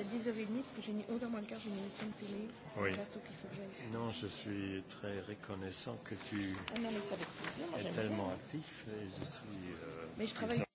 à 10h30 parce que j'ai mis 11h moins le quart, j'ai mis une émission de télé. Oui. Non, je suis très reconnaissant que tu ah non, mais ça plaisir, moi, es tellement bien. actif et je suis. Euh, mais je travaille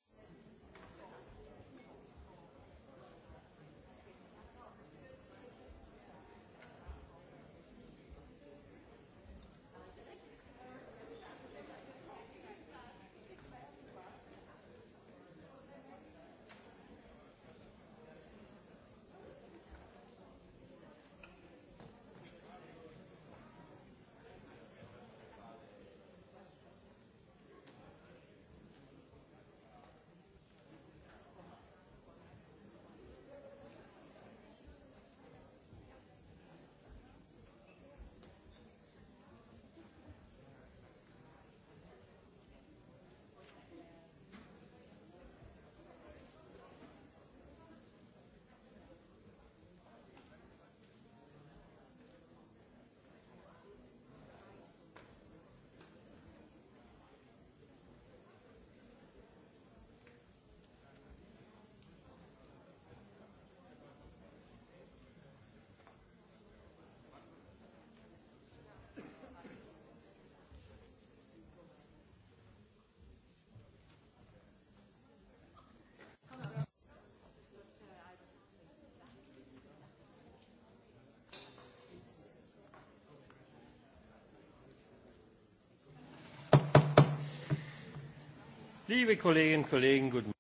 Liebe Kolleginnen Kollegen, guten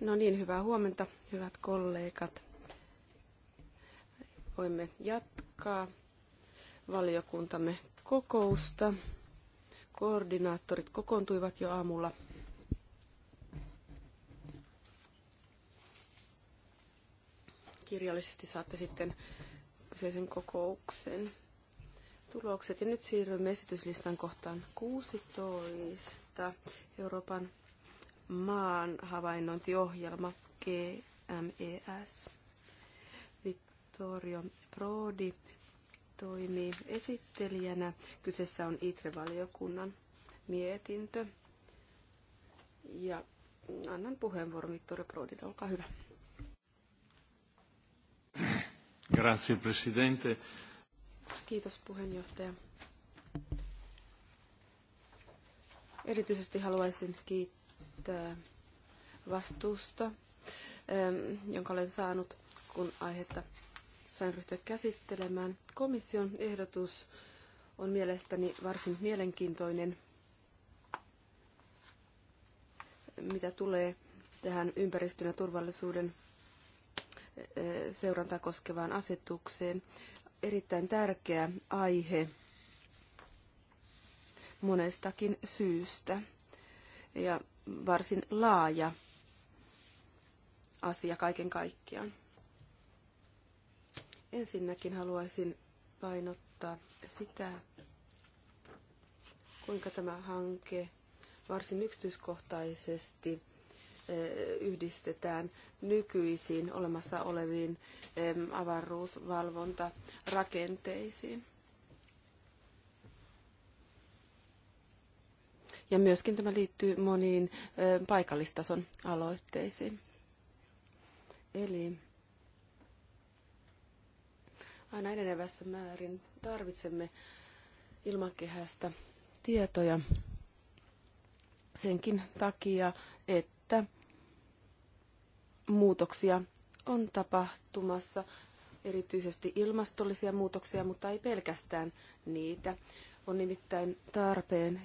No niin, hyvää huomenta, hyvät kollegat. Voimme jatkaa valiokuntamme kokousta. Koordinaattorit kokoontuivat jo aamulla. Kirjallisesti saatte sitten kyseisen kokouksen tulokset. Ja nyt siirrymme esityslistan kohtaan 16. Euroopan maan havainnointiohjelma GMES. Vittorio Prodi toimii esittelijänä. Kyseessä on ITRE-valiokunnan mietintö. Ja annan puheenvuoron Vittorio Prodille. Olkaa hyvä. Grazie, Presidente. Kiitos puheenjohtaja. Erityisesti haluaisin kiittää Äh, vastuusta, ähm, jonka olen saanut, kun aihetta sain ryhtyä käsittelemään. Komission ehdotus on mielestäni varsin mielenkiintoinen, mitä tulee tähän ympäristön ja turvallisuuden äh, seurantaa koskevaan asetukseen. Erittäin tärkeä aihe monestakin syystä ja varsin laaja asia kaiken kaikkiaan. Ensinnäkin haluaisin painottaa sitä, kuinka tämä hanke varsin yksityiskohtaisesti e, yhdistetään nykyisiin olemassa oleviin e, avaruusvalvontarakenteisiin. Ja myöskin tämä liittyy moniin paikallistason aloitteisiin. Eli aina enenevässä määrin tarvitsemme ilmakehästä tietoja senkin takia, että muutoksia on tapahtumassa, erityisesti ilmastollisia muutoksia, mutta ei pelkästään niitä. On nimittäin tarpeen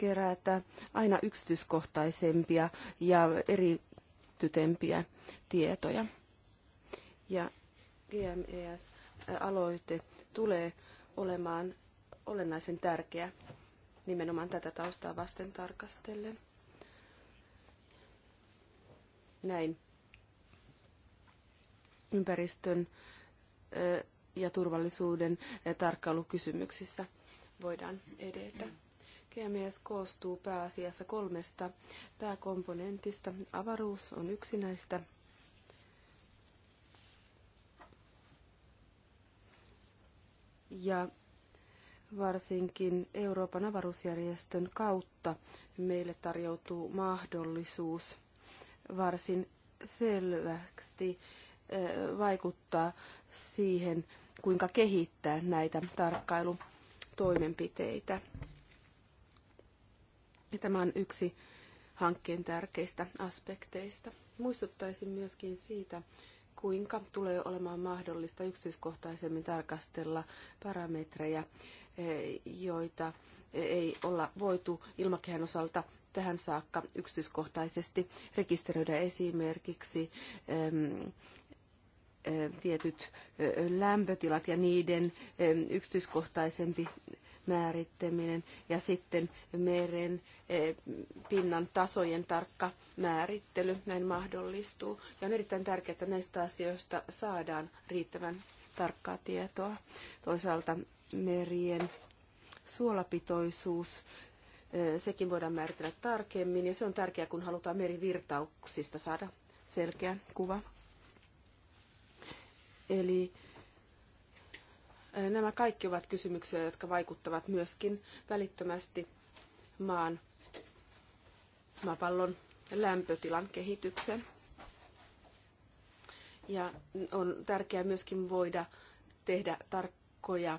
kerätä aina yksityiskohtaisempia ja erityisempiä tietoja. Ja GMES-aloite tulee olemaan olennaisen tärkeä nimenomaan tätä taustaa vasten tarkastellen. Näin ympäristön ja turvallisuuden tarkkailukysymyksissä voidaan edetä. GMS koostuu pääasiassa kolmesta pääkomponentista. Avaruus on yksi näistä. Ja varsinkin Euroopan avaruusjärjestön kautta meille tarjoutuu mahdollisuus varsin selvästi eh, vaikuttaa siihen, kuinka kehittää näitä tarkkailutoimenpiteitä. Ja tämä on yksi hankkeen tärkeistä aspekteista. Muistuttaisin myöskin siitä, kuinka tulee olemaan mahdollista yksityiskohtaisemmin tarkastella parametreja, e, joita ei olla voitu ilmakehän osalta tähän saakka yksityiskohtaisesti rekisteröidä esimerkiksi e, tietyt lämpötilat ja niiden yksityiskohtaisempi määrittäminen ja sitten meren eh, pinnan tasojen tarkka määrittely näin mahdollistuu. Ja on erittäin tärkeää, että näistä asioista saadaan riittävän tarkkaa tietoa. Toisaalta merien suolapitoisuus, eh, sekin voidaan määritellä tarkemmin ja se on tärkeää, kun halutaan merivirtauksista saada selkeä kuva. Eli Nämä kaikki ovat kysymyksiä, jotka vaikuttavat myöskin välittömästi maan maapallon lämpötilan kehitykseen. Ja on tärkeää myöskin voida tehdä tarkkoja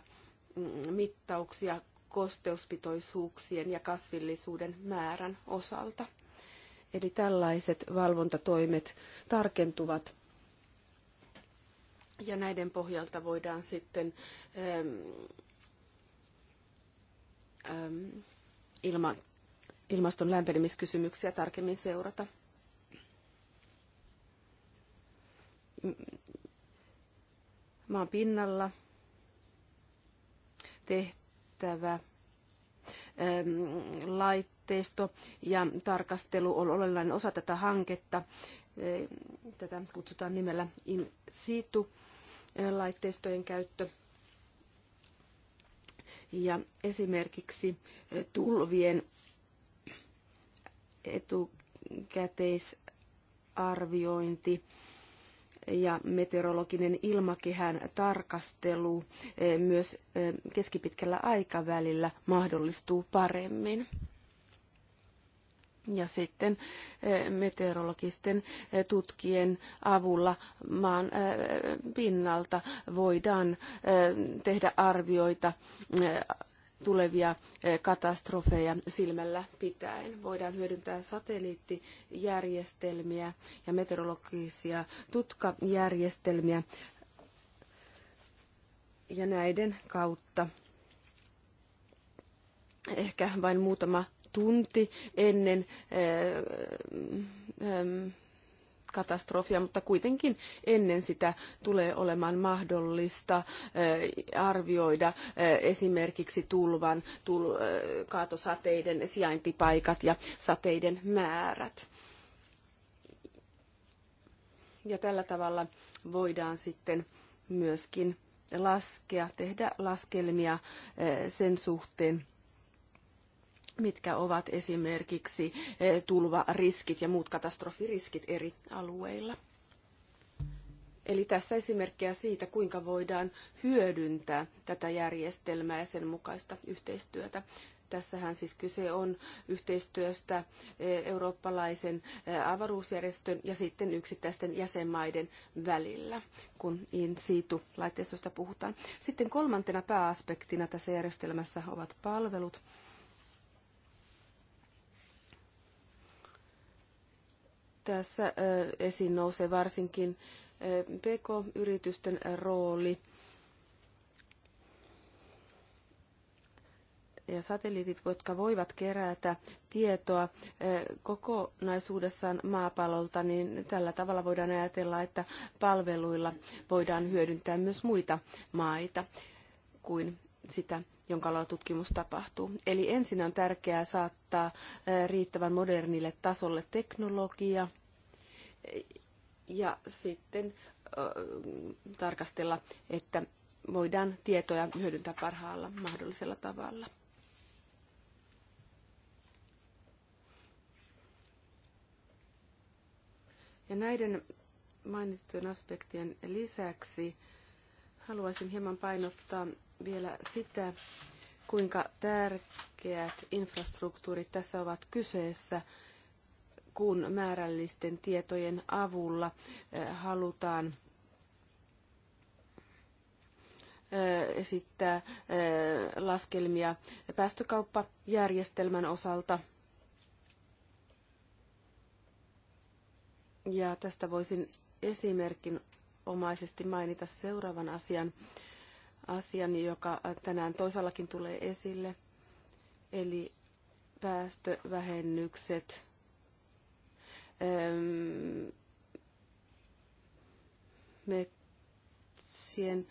mm, mittauksia kosteuspitoisuuksien ja kasvillisuuden määrän osalta. Eli tällaiset valvontatoimet tarkentuvat ja näiden pohjalta voidaan sitten äm, äm, ilma, ilmaston lämpenemiskysymyksiä tarkemmin seurata. Maan pinnalla tehtävä ähm, laitteisto ja tarkastelu on olennainen osa tätä hanketta. Äh, tätä kutsutaan nimellä in situ laitteistojen käyttö. Ja esimerkiksi eh, tulvien etukäteisarviointi ja meteorologinen ilmakehän tarkastelu eh, myös eh, keskipitkällä aikavälillä mahdollistuu paremmin ja sitten eh, meteorologisten eh, tutkien avulla maan eh, pinnalta voidaan tehdä arvioita tulevia katastrofeja silmällä pitäen. Voidaan hyödyntää satelliittijärjestelmiä ja meteorologisia tutkajärjestelmiä ja näiden kautta ehkä vain muutama tunti ennen eh, katastrofia, mutta kuitenkin ennen sitä tulee olemaan mahdollista eh, arvioida eh, esimerkiksi tulvan, tul, kaatosateiden sijaintipaikat ja sateiden määrät. Ja tällä tavalla voidaan sitten myöskin laskea, tehdä laskelmia sen suhteen, mitkä ovat esimerkiksi eh, tulvariskit ja muut katastrofiriskit eri alueilla. Eli tässä esimerkkejä siitä, kuinka voidaan hyödyntää tätä järjestelmää ja sen mukaista yhteistyötä. Tässähän siis kyse on yhteistyöstä eh, eurooppalaisen eh, avaruusjärjestön ja sitten yksittäisten jäsenmaiden välillä, kun in situ laitteistosta puhutaan. Sitten kolmantena pääaspektina tässä järjestelmässä ovat palvelut. Tässä esiin nousee varsinkin PK-yritysten rooli ja satelliitit, jotka voivat kerätä tietoa kokonaisuudessaan maapallolta, niin tällä tavalla voidaan ajatella, että palveluilla voidaan hyödyntää myös muita maita kuin sitä jonka alalla tutkimus tapahtuu. Eli ensin on tärkeää saattaa riittävän modernille tasolle teknologia ja sitten tarkastella, että voidaan tietoja hyödyntää parhaalla mahdollisella tavalla. Ja näiden mainittujen aspektien lisäksi haluaisin hieman painottaa vielä sitä, kuinka tärkeät infrastruktuurit tässä ovat kyseessä, kun määrällisten tietojen avulla eh, halutaan eh, esittää eh, laskelmia päästökauppajärjestelmän osalta. Ja tästä voisin esimerkin omaisesti mainita seuraavan asian asian, joka tänään toisallakin tulee esille, eli päästövähennykset. metsien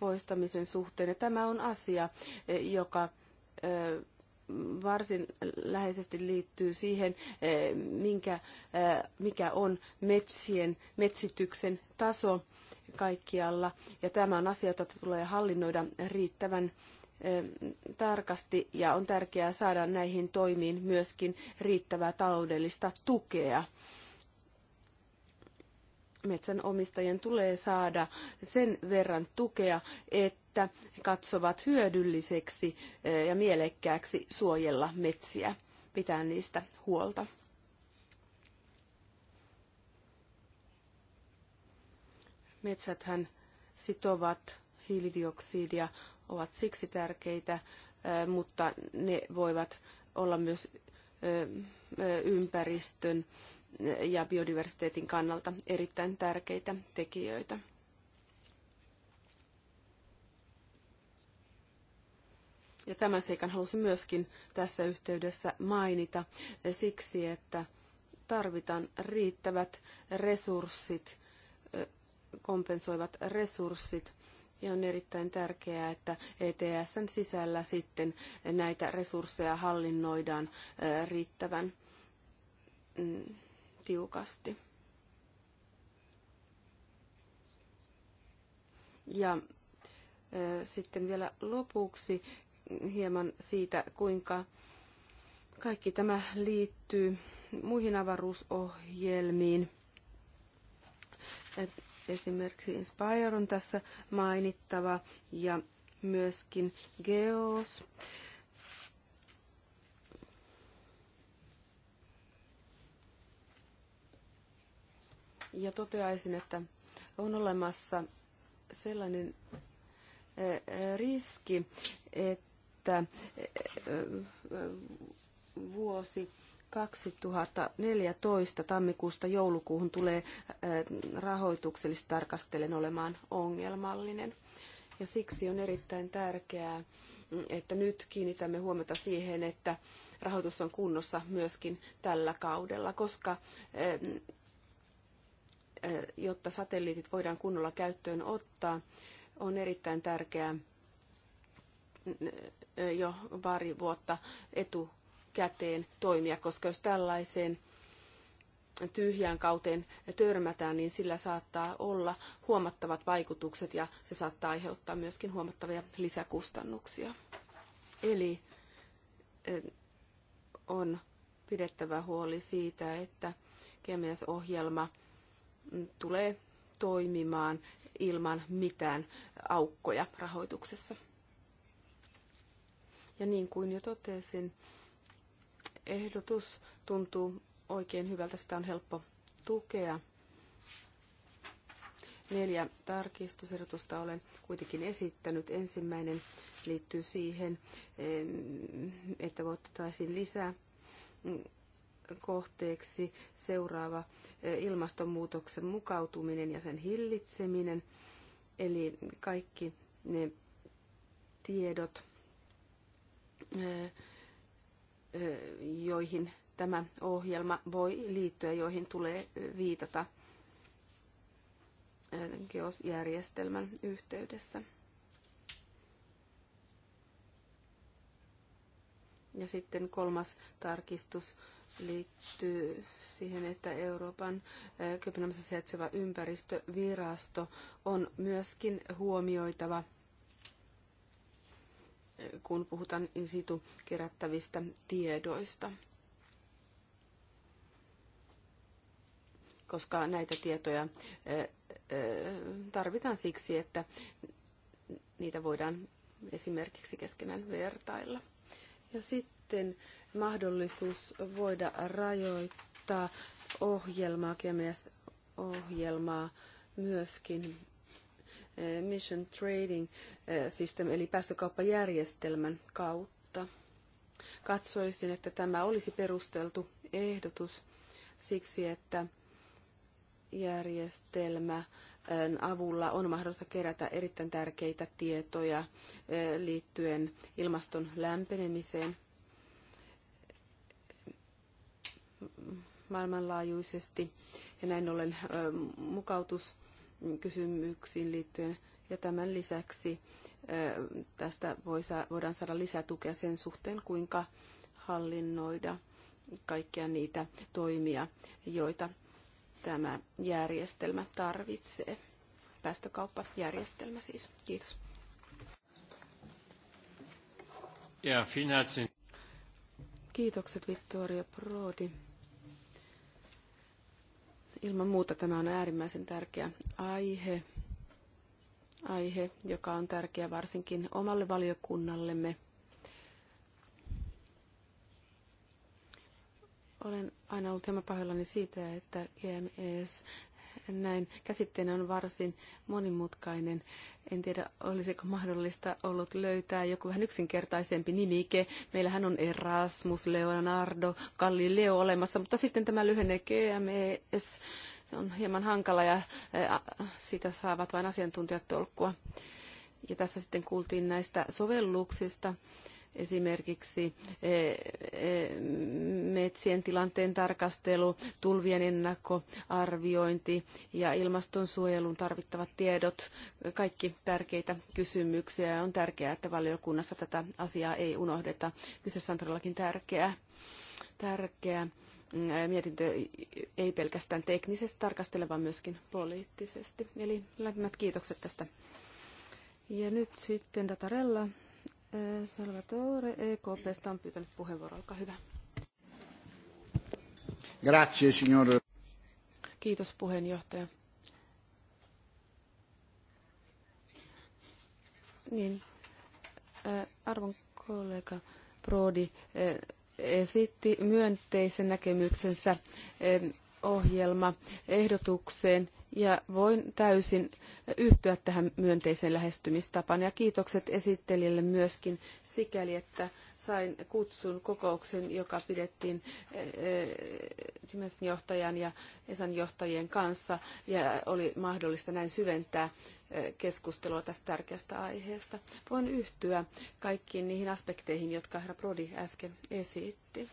poistamisen suhteen. Ja tämä on asia, joka varsin läheisesti liittyy siihen, minkä, mikä on metsien, metsityksen taso kaikkialla. Ja tämä on asia, jota tulee hallinnoida riittävän eh, tarkasti ja on tärkeää saada näihin toimiin myöskin riittävää taloudellista tukea. Metsänomistajien tulee saada sen verran tukea, että katsovat hyödylliseksi eh, ja mielekkääksi suojella metsiä, pitää niistä huolta. Metsäthän sitovat hiilidioksidia, ovat siksi tärkeitä, mutta ne voivat olla myös ympäristön ja biodiversiteetin kannalta erittäin tärkeitä tekijöitä. Ja tämän seikan halusin myöskin tässä yhteydessä mainita siksi, että tarvitaan riittävät resurssit kompensoivat resurssit. Ja on erittäin tärkeää, että ETSn sisällä sitten näitä resursseja hallinnoidaan riittävän mm, tiukasti. Ja sitten vielä lopuksi hieman siitä, kuinka kaikki tämä liittyy muihin avaruusohjelmiin. Esimerkiksi Inspire on tässä mainittava ja myöskin Geos. Ja toteaisin, että on olemassa sellainen eh, eh, riski, että eh, vuosi 2014 tammikuusta joulukuuhun tulee äh, rahoituksellisesti tarkastellen olemaan ongelmallinen. Ja siksi on erittäin tärkeää, että nyt kiinnitämme huomiota siihen, että rahoitus on kunnossa myöskin tällä kaudella, koska ähm, äh, jotta satelliitit voidaan kunnolla käyttöön ottaa, on erittäin tärkeää äh, jo pari vuotta etu käteen toimia, koska jos tällaiseen tyhjään kauteen törmätään, niin sillä saattaa olla huomattavat vaikutukset ja se saattaa aiheuttaa myöskin huomattavia lisäkustannuksia. Eli eh, on pidettävä huoli siitä, että GMS-ohjelma mm, tulee toimimaan ilman mitään aukkoja rahoituksessa. Ja niin kuin jo totesin, ehdotus tuntuu oikein hyvältä, sitä on helppo tukea. Neljä tarkistusehdotusta olen kuitenkin esittänyt. Ensimmäinen liittyy siihen, että voittaisiin lisää kohteeksi seuraava e, ilmastonmuutoksen mukautuminen ja sen hillitseminen. Eli kaikki ne tiedot, e, joihin tämä ohjelma voi liittyä, joihin tulee viitata geosjärjestelmän yhteydessä. Ja sitten kolmas tarkistus liittyy siihen, että Euroopan Kööpenhaminassa sijaitseva ympäristövirasto on myöskin huomioitava – kun puhutaan in situ kerättävistä tiedoista. Koska näitä tietoja tarvitaan siksi, että niitä voidaan esimerkiksi keskenään vertailla. Ja sitten mahdollisuus voida rajoittaa ohjelmaa, ohjelmaa myöskin Emission eh, Trading eh, System eli päästökauppajärjestelmän kautta. Katsoisin, että tämä olisi perusteltu ehdotus siksi, että järjestelmä eh, avulla on mahdollista kerätä erittäin tärkeitä tietoja liittyen ilmaston lämpenemiseen maailmanlaajuisesti ja näin ollen mukautus kysymyksiin liittyen. Ja tämän lisäksi tästä voidaan saada lisätukea sen suhteen, kuinka hallinnoida kaikkia niitä toimia, joita tämä järjestelmä tarvitsee. Päästökauppajärjestelmä siis. Kiitos. Ja, Kiitokset Vittoria Prodi. Ilman muuta tämä on äärimmäisen tärkeä aihe, aihe, joka on tärkeä varsinkin omalle valiokunnallemme. Olen aina ollut hieman pahoillani siitä, että GMS näin käsitteenä on varsin monimutkainen. En tiedä, olisiko mahdollista ollut löytää joku vähän yksinkertaisempi nimike. Meillähän on Erasmus, Leonardo, Galileo olemassa, mutta sitten tämä lyhenne GMES on hieman hankala ja sitä saavat vain asiantuntijat tolkkua. Ja tässä sitten kuultiin näistä sovelluksista esimerkiksi eh, eh, metsien tilanteen tarkastelu, tulvien ennakkoarviointi ja ilmastonsuojelun tarvittavat tiedot, kaikki tärkeitä kysymyksiä. On tärkeää, että valiokunnassa tätä asiaa ei unohdeta. Kyseessä on todellakin tärkeä, tärkeä mm, mietintö ei pelkästään teknisesti tarkastele, vaan myöskin poliittisesti. Eli lämpimät kiitokset tästä. Ja nyt sitten Datarella. Salvatore EKP on pyytänyt puheenvuoro. Olkaa hyvä. Grazie, signor. Kiitos puheenjohtaja. Niin, äh, arvon kollega Prodi äh, esitti myönteisen näkemyksensä äh, ohjelma ehdotukseen ja voin täysin yhtyä tähän myönteiseen lähestymistapaan. Ja kiitokset esittelijälle myöskin sikäli, että sain kutsun kokouksen, joka pidettiin eh, eh, Simensin johtajan ja Esan johtajien kanssa, ja oli mahdollista näin syventää eh, keskustelua tästä tärkeästä aiheesta. Voin yhtyä kaikkiin niihin aspekteihin, jotka herra Prodi äsken esitti.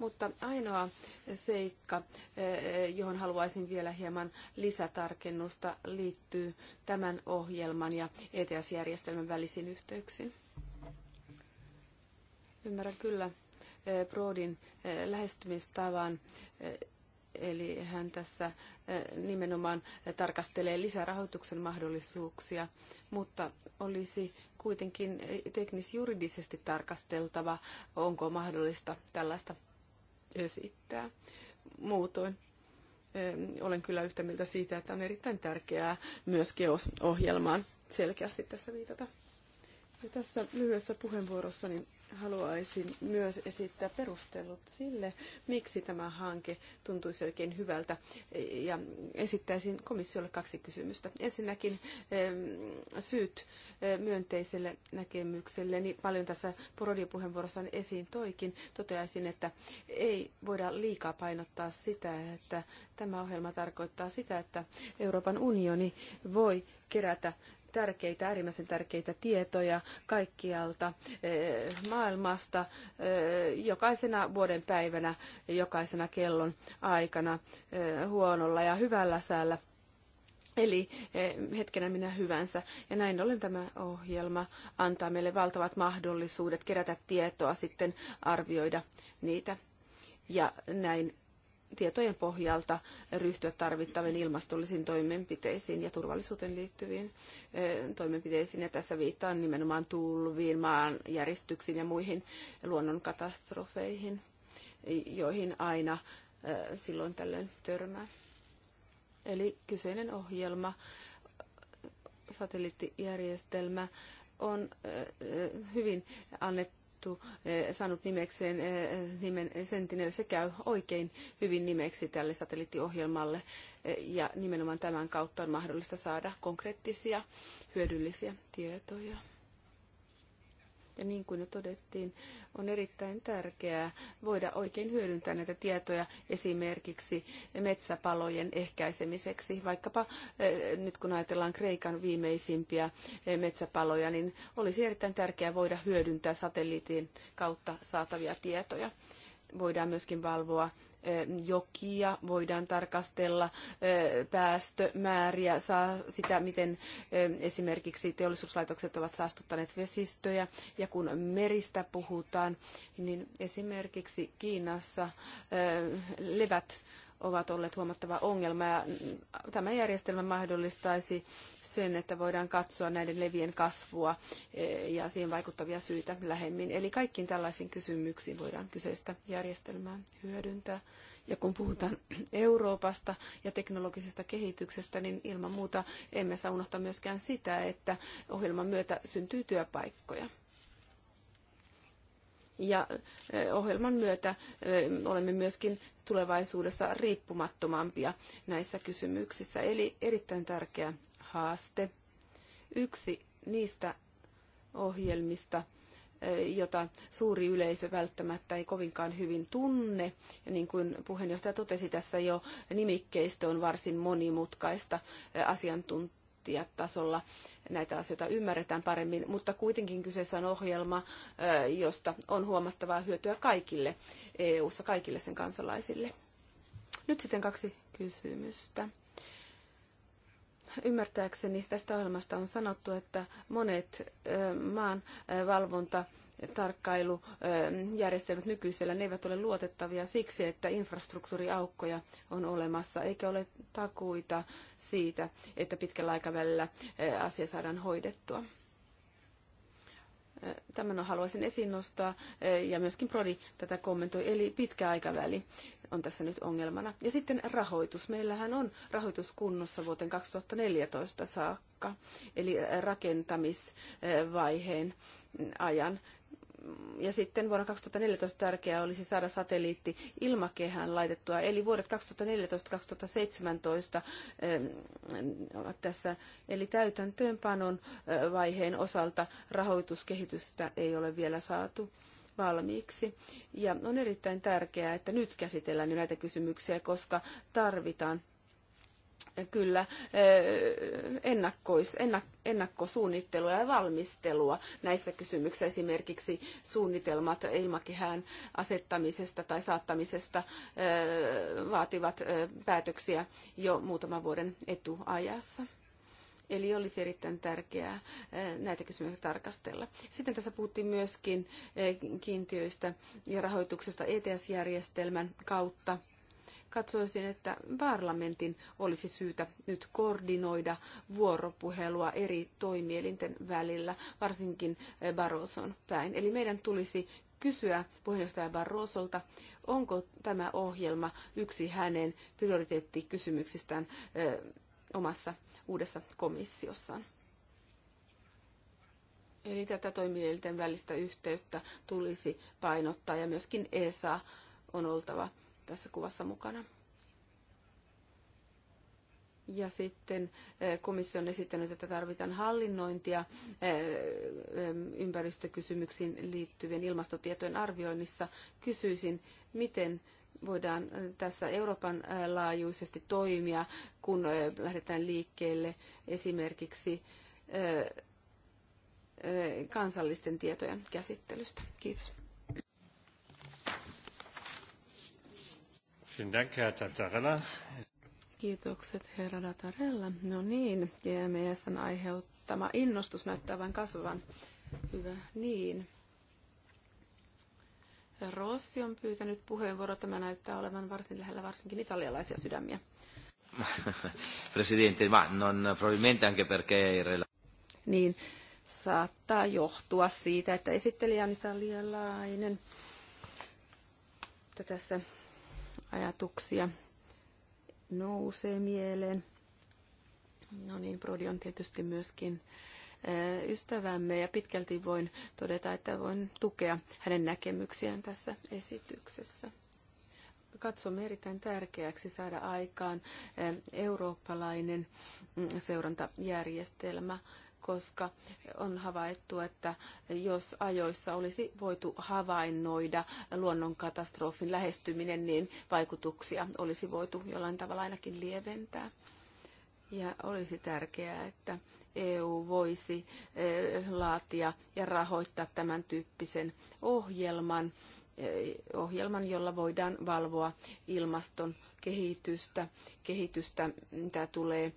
Mutta ainoa seikka, eh, johon haluaisin vielä hieman lisätarkennusta, liittyy tämän ohjelman ja ETS-järjestelmän välisiin yhteyksiin. Ymmärrän kyllä eh, Broadin eh, lähestymistavan Eli hän tässä nimenomaan tarkastelee lisärahoituksen mahdollisuuksia, mutta olisi kuitenkin teknisjuridisesti tarkasteltava, onko mahdollista tällaista esittää. Muutoin olen kyllä yhtä mieltä siitä, että on erittäin tärkeää myös keosohjelmaan selkeästi tässä viitata. Ja tässä lyhyessä niin haluaisin myös esittää perustelut sille, miksi tämä hanke tuntuisi oikein hyvältä. Ja esittäisin komissiolle kaksi kysymystä. Ensinnäkin syyt myönteiselle näkemykselle, niin paljon tässä parodiapuheenvuorossaan esiin toikin. Toteaisin, että ei voida liikaa painottaa sitä, että tämä ohjelma tarkoittaa sitä, että Euroopan unioni voi kerätä tärkeitä, äärimmäisen tärkeitä tietoja kaikkialta eh, maailmasta eh, jokaisena vuoden päivänä, jokaisena kellon aikana eh, huonolla ja hyvällä säällä. Eli hetkenä minä hyvänsä. Ja näin ollen tämä ohjelma antaa meille valtavat mahdollisuudet kerätä tietoa, sitten arvioida niitä. Ja näin tietojen pohjalta ryhtyä tarvittaviin ilmastollisiin toimenpiteisiin ja turvallisuuteen liittyviin toimenpiteisiin. Ja tässä viittaan nimenomaan tulviin, järjestyksiin ja muihin luonnonkatastrofeihin, joihin aina silloin tällöin törmää. Eli kyseinen ohjelma, satelliittijärjestelmä, on hyvin annettu valittu, eh, saanut nimekseen eh, nimen Sentinel. Se käy oikein hyvin nimeksi tälle satelliittiohjelmalle eh, ja nimenomaan tämän kautta on mahdollista saada konkreettisia hyödyllisiä tietoja. Ja niin kuin jo todettiin, on erittäin tärkeää voida oikein hyödyntää näitä tietoja esimerkiksi metsäpalojen ehkäisemiseksi. Vaikkapa eh, nyt kun ajatellaan Kreikan viimeisimpiä eh, metsäpaloja, niin olisi erittäin tärkeää voida hyödyntää satelliitin kautta saatavia tietoja. Voidaan myöskin valvoa jokia, voidaan tarkastella päästömääriä, saa sitä, miten esimerkiksi teollisuuslaitokset ovat saastuttaneet vesistöjä. Ja kun meristä puhutaan, niin esimerkiksi Kiinassa levät ovat olleet huomattava ongelma. Ja mm, tämä järjestelmä mahdollistaisi sen, että voidaan katsoa näiden levien kasvua e, ja siihen vaikuttavia syitä lähemmin. Eli kaikkiin tällaisiin kysymyksiin voidaan kyseistä järjestelmää hyödyntää. Ja kun puhutaan Euroopasta ja teknologisesta kehityksestä, niin ilman muuta emme saa unohtaa myöskään sitä, että ohjelman myötä syntyy työpaikkoja ja eh, ohjelman myötä eh, olemme myöskin tulevaisuudessa riippumattomampia näissä kysymyksissä. Eli erittäin tärkeä haaste. Yksi niistä ohjelmista, eh, jota suuri yleisö välttämättä ei kovinkaan hyvin tunne. Ja niin kuin puheenjohtaja totesi tässä jo, nimikkeistö on varsin monimutkaista asiantuntijoita strategiatasolla näitä asioita ymmärretään paremmin, mutta kuitenkin kyseessä on ohjelma, josta on huomattavaa hyötyä kaikille EU-ssa, kaikille sen kansalaisille. Nyt sitten kaksi kysymystä. Ymmärtääkseni tästä ohjelmasta on sanottu, että monet maan valvonta tarkkailujärjestelmät nykyisellä, ne eivät ole luotettavia siksi, että infrastruktuuriaukkoja on olemassa, eikä ole takuita siitä, että pitkällä aikavälillä eh, asia saadaan hoidettua. Eh, tämän haluaisin esiin nostaa, eh, ja myöskin Prodi tätä kommentoi, eli pitkä aikaväli on tässä nyt ongelmana. Ja sitten rahoitus. Meillähän on rahoituskunnossa vuoteen 2014 saakka, eli rakentamisvaiheen ajan ja sitten vuonna 2014 tärkeää olisi saada satelliitti ilmakehään laitettua. Eli vuodet 2014-2017 ähm, tässä. Eli täytäntöönpanon äh, vaiheen osalta rahoituskehitystä ei ole vielä saatu valmiiksi. Ja on erittäin tärkeää, että nyt käsitellään näitä kysymyksiä, koska tarvitaan kyllä ennakkois, ennak, ennakkosuunnittelua ja valmistelua näissä kysymyksissä, esimerkiksi suunnitelmat ilmakehään asettamisesta tai saattamisesta vaativat päätöksiä jo muutaman vuoden etuajassa. Eli olisi erittäin tärkeää näitä kysymyksiä tarkastella. Sitten tässä puhuttiin myöskin kiintiöistä ja rahoituksesta ETS-järjestelmän kautta – katsoisin, että parlamentin olisi syytä nyt koordinoida vuoropuhelua eri toimielinten välillä, varsinkin eh, Barroson päin. Eli meidän tulisi kysyä puheenjohtaja Barrosolta, onko tämä ohjelma yksi hänen prioriteettikysymyksistään eh, omassa uudessa komissiossaan. Eli tätä toimielinten välistä yhteyttä tulisi painottaa ja myöskin ESA on oltava tässä kuvassa mukana. Ja sitten eh, komissio on esittänyt, että tarvitaan hallinnointia eh, eh, ympäristökysymyksiin liittyvien ilmastotietojen arvioinnissa. Kysyisin, miten voidaan tässä Euroopan laajuisesti toimia, kun lähdetään liikkeelle esimerkiksi kansallisten tietojen käsittelystä. Kiitos. Kiitokset herra Datarella. No niin, GMSn aiheuttama innostus näyttää vain kasvavan. Hyvä, niin. Rossi on pyytänyt puheenvuoro. Tämä näyttää olevan varsin lähellä varsinkin italialaisia sydämiä. Presidente, ma non probabilmente anche perché... Niin, saattaa johtua siitä, että esittelijä on italialainen. tässä ajatuksia nousee mieleen. No niin, Brodi on tietysti myöskin eh, ystävämme ja pitkälti voin todeta, että voin tukea hänen näkemyksiään tässä esityksessä. Katsomme erittäin tärkeäksi saada aikaan eh, eurooppalainen mm, seurantajärjestelmä koska on havaittu, että jos ajoissa olisi voitu havainnoida luonnonkatastrofin lähestyminen, niin vaikutuksia olisi voitu jollain tavalla ainakin lieventää. Ja olisi tärkeää, että EU voisi e, laatia ja rahoittaa tämän tyyppisen ohjelman, e, ohjelman jolla voidaan valvoa ilmaston kehitystä, kehitystä, mitä tulee e,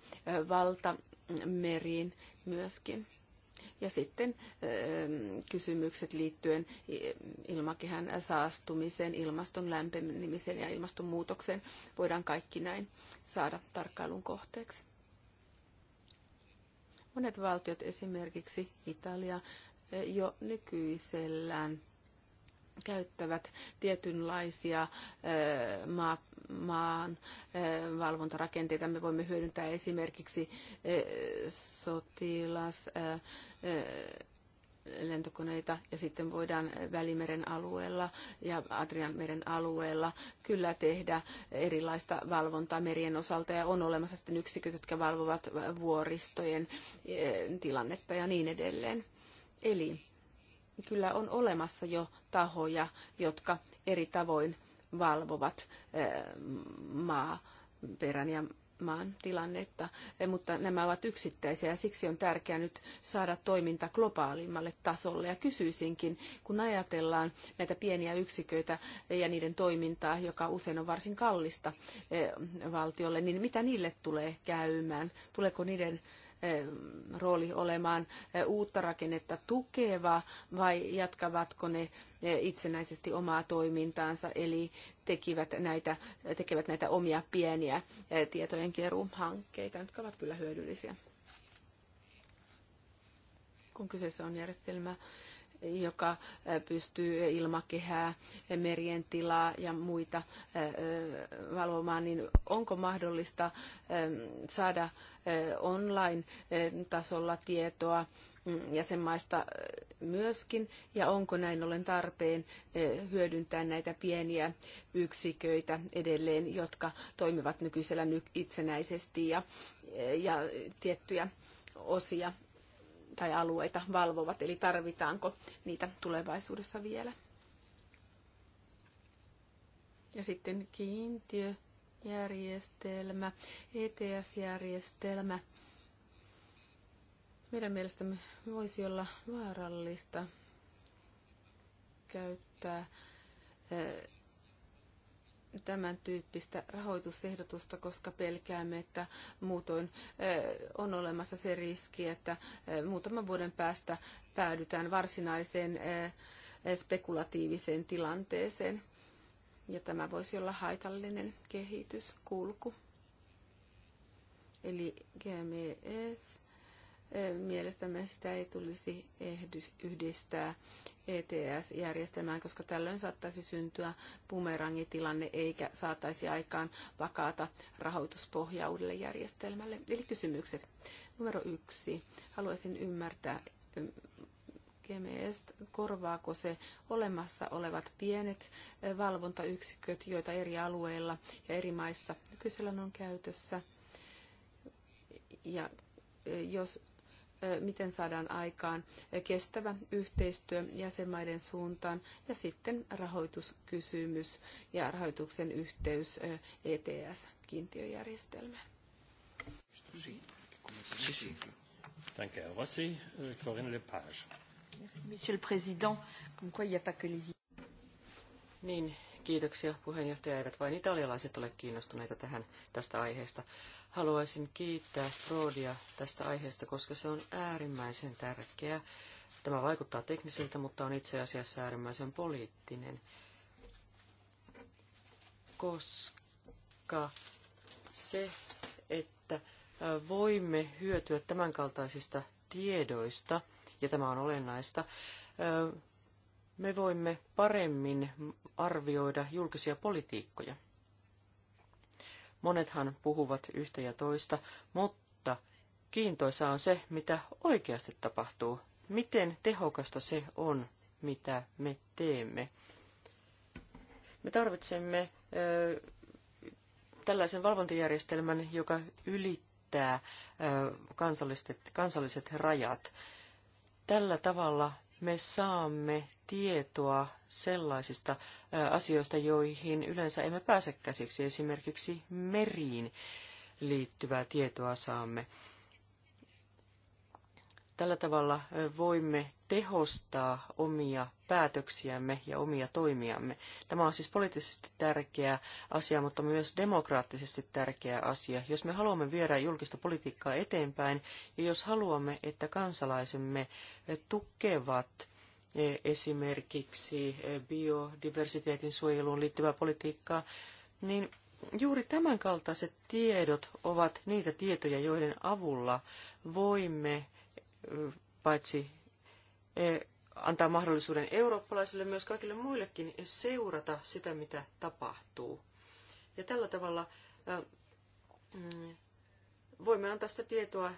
valta meriin myöskin. Ja sitten ähm, kysymykset liittyen ilmakehän saastumiseen, ilmaston lämpenemiseen ja ilmastonmuutokseen voidaan kaikki näin saada tarkkailun kohteeksi. Monet valtiot, esimerkiksi Italia, jo nykyisellään käyttävät tietynlaisia maa, maan valvontarakenteita. Me voimme hyödyntää esimerkiksi sotilas lentokoneita ja sitten voidaan Välimeren alueella ja Adrianmeren alueella kyllä tehdä erilaista valvontaa merien osalta ja on olemassa sitten yksiköt, jotka valvovat vuoristojen tilannetta ja niin edelleen. Eli kyllä on olemassa jo tahoja, jotka eri tavoin valvovat eh, maaperän ja maan tilannetta, eh, mutta nämä ovat yksittäisiä ja siksi on tärkeää nyt saada toiminta globaalimmalle tasolle. Ja kysyisinkin, kun ajatellaan näitä pieniä yksiköitä ja niiden toimintaa, joka usein on varsin kallista eh, valtiolle, niin mitä niille tulee käymään? Tuleeko niiden Eh, rooli olemaan eh, uutta rakennetta tukeva vai jatkavatko ne eh, itsenäisesti omaa toimintaansa, eli tekivät näitä, tekevät näitä omia pieniä tietojenkeruuhankkeita, jotka ovat kyllä hyödyllisiä kun kyseessä on järjestelmä, joka pystyy ilmakehää, merien tilaa ja muita valvomaan, niin onko mahdollista saada online-tasolla tietoa mm, jäsenmaista myöskin, ja onko näin ollen tarpeen hyödyntää näitä pieniä yksiköitä edelleen, jotka toimivat nykyisellä itsenäisesti ja, ja tiettyjä osia tai alueita valvovat, eli tarvitaanko niitä tulevaisuudessa vielä. Ja sitten kiintiöjärjestelmä, ETS-järjestelmä. Meidän mielestämme voisi olla vaarallista käyttää eh, tämän tyyppistä rahoitusehdotusta, koska pelkäämme, että muutoin on olemassa se riski, että muutaman vuoden päästä päädytään varsinaiseen spekulatiiviseen tilanteeseen. Ja tämä voisi olla haitallinen kehityskulku. Eli GMES Mielestämme sitä ei tulisi yhdistää ETS-järjestelmään, koska tällöin saattaisi syntyä bumerangitilanne eikä saataisi aikaan vakaata rahoituspohjaa uudelle järjestelmälle. Eli kysymykset. Numero yksi. Haluaisin ymmärtää, GMS, korvaako se olemassa olevat pienet valvontayksiköt, joita eri alueilla ja eri maissa nykyisellä on käytössä. Ja jos miten saadaan aikaan kestävä yhteistyö jäsenmaiden suuntaan ja sitten rahoituskysymys ja rahoituksen yhteys ETS-kiintiöjärjestelmään. Äh, Monsieur le Président. Comme il n'y a pas que les... Niin, kiitoksia puheenjohtaja. Eivät vain italialaiset ole kiinnostuneita tähän, tästä aiheesta. Haluaisin kiittää Froodia tästä aiheesta, koska se on äärimmäisen tärkeä. Tämä vaikuttaa tekniseltä, mutta on itse asiassa äärimmäisen poliittinen, koska se, että voimme hyötyä tämänkaltaisista tiedoista, ja tämä on olennaista, me voimme paremmin arvioida julkisia politiikkoja. Monethan puhuvat yhtä ja toista, mutta kiintoisaa on se, mitä oikeasti tapahtuu. Miten tehokasta se on, mitä me teemme. Me tarvitsemme ö, tällaisen valvontajärjestelmän, joka ylittää ö, kansalliset, kansalliset rajat. Tällä tavalla me saamme tietoa sellaisista asioista, joihin yleensä emme pääse käsiksi, esimerkiksi meriin liittyvää tietoa saamme. Tällä tavalla voimme tehostaa omia päätöksiämme ja omia toimiamme. Tämä on siis poliittisesti tärkeä asia, mutta myös demokraattisesti tärkeä asia. Jos me haluamme viedä julkista politiikkaa eteenpäin ja jos haluamme, että kansalaisemme tukevat esimerkiksi biodiversiteetin suojeluun liittyvää politiikkaa, niin juuri tämänkaltaiset tiedot ovat niitä tietoja, joiden avulla voimme paitsi e, antaa mahdollisuuden eurooppalaisille, myös kaikille muillekin seurata sitä, mitä tapahtuu. Ja tällä tavalla mm, voimme antaa sitä tietoa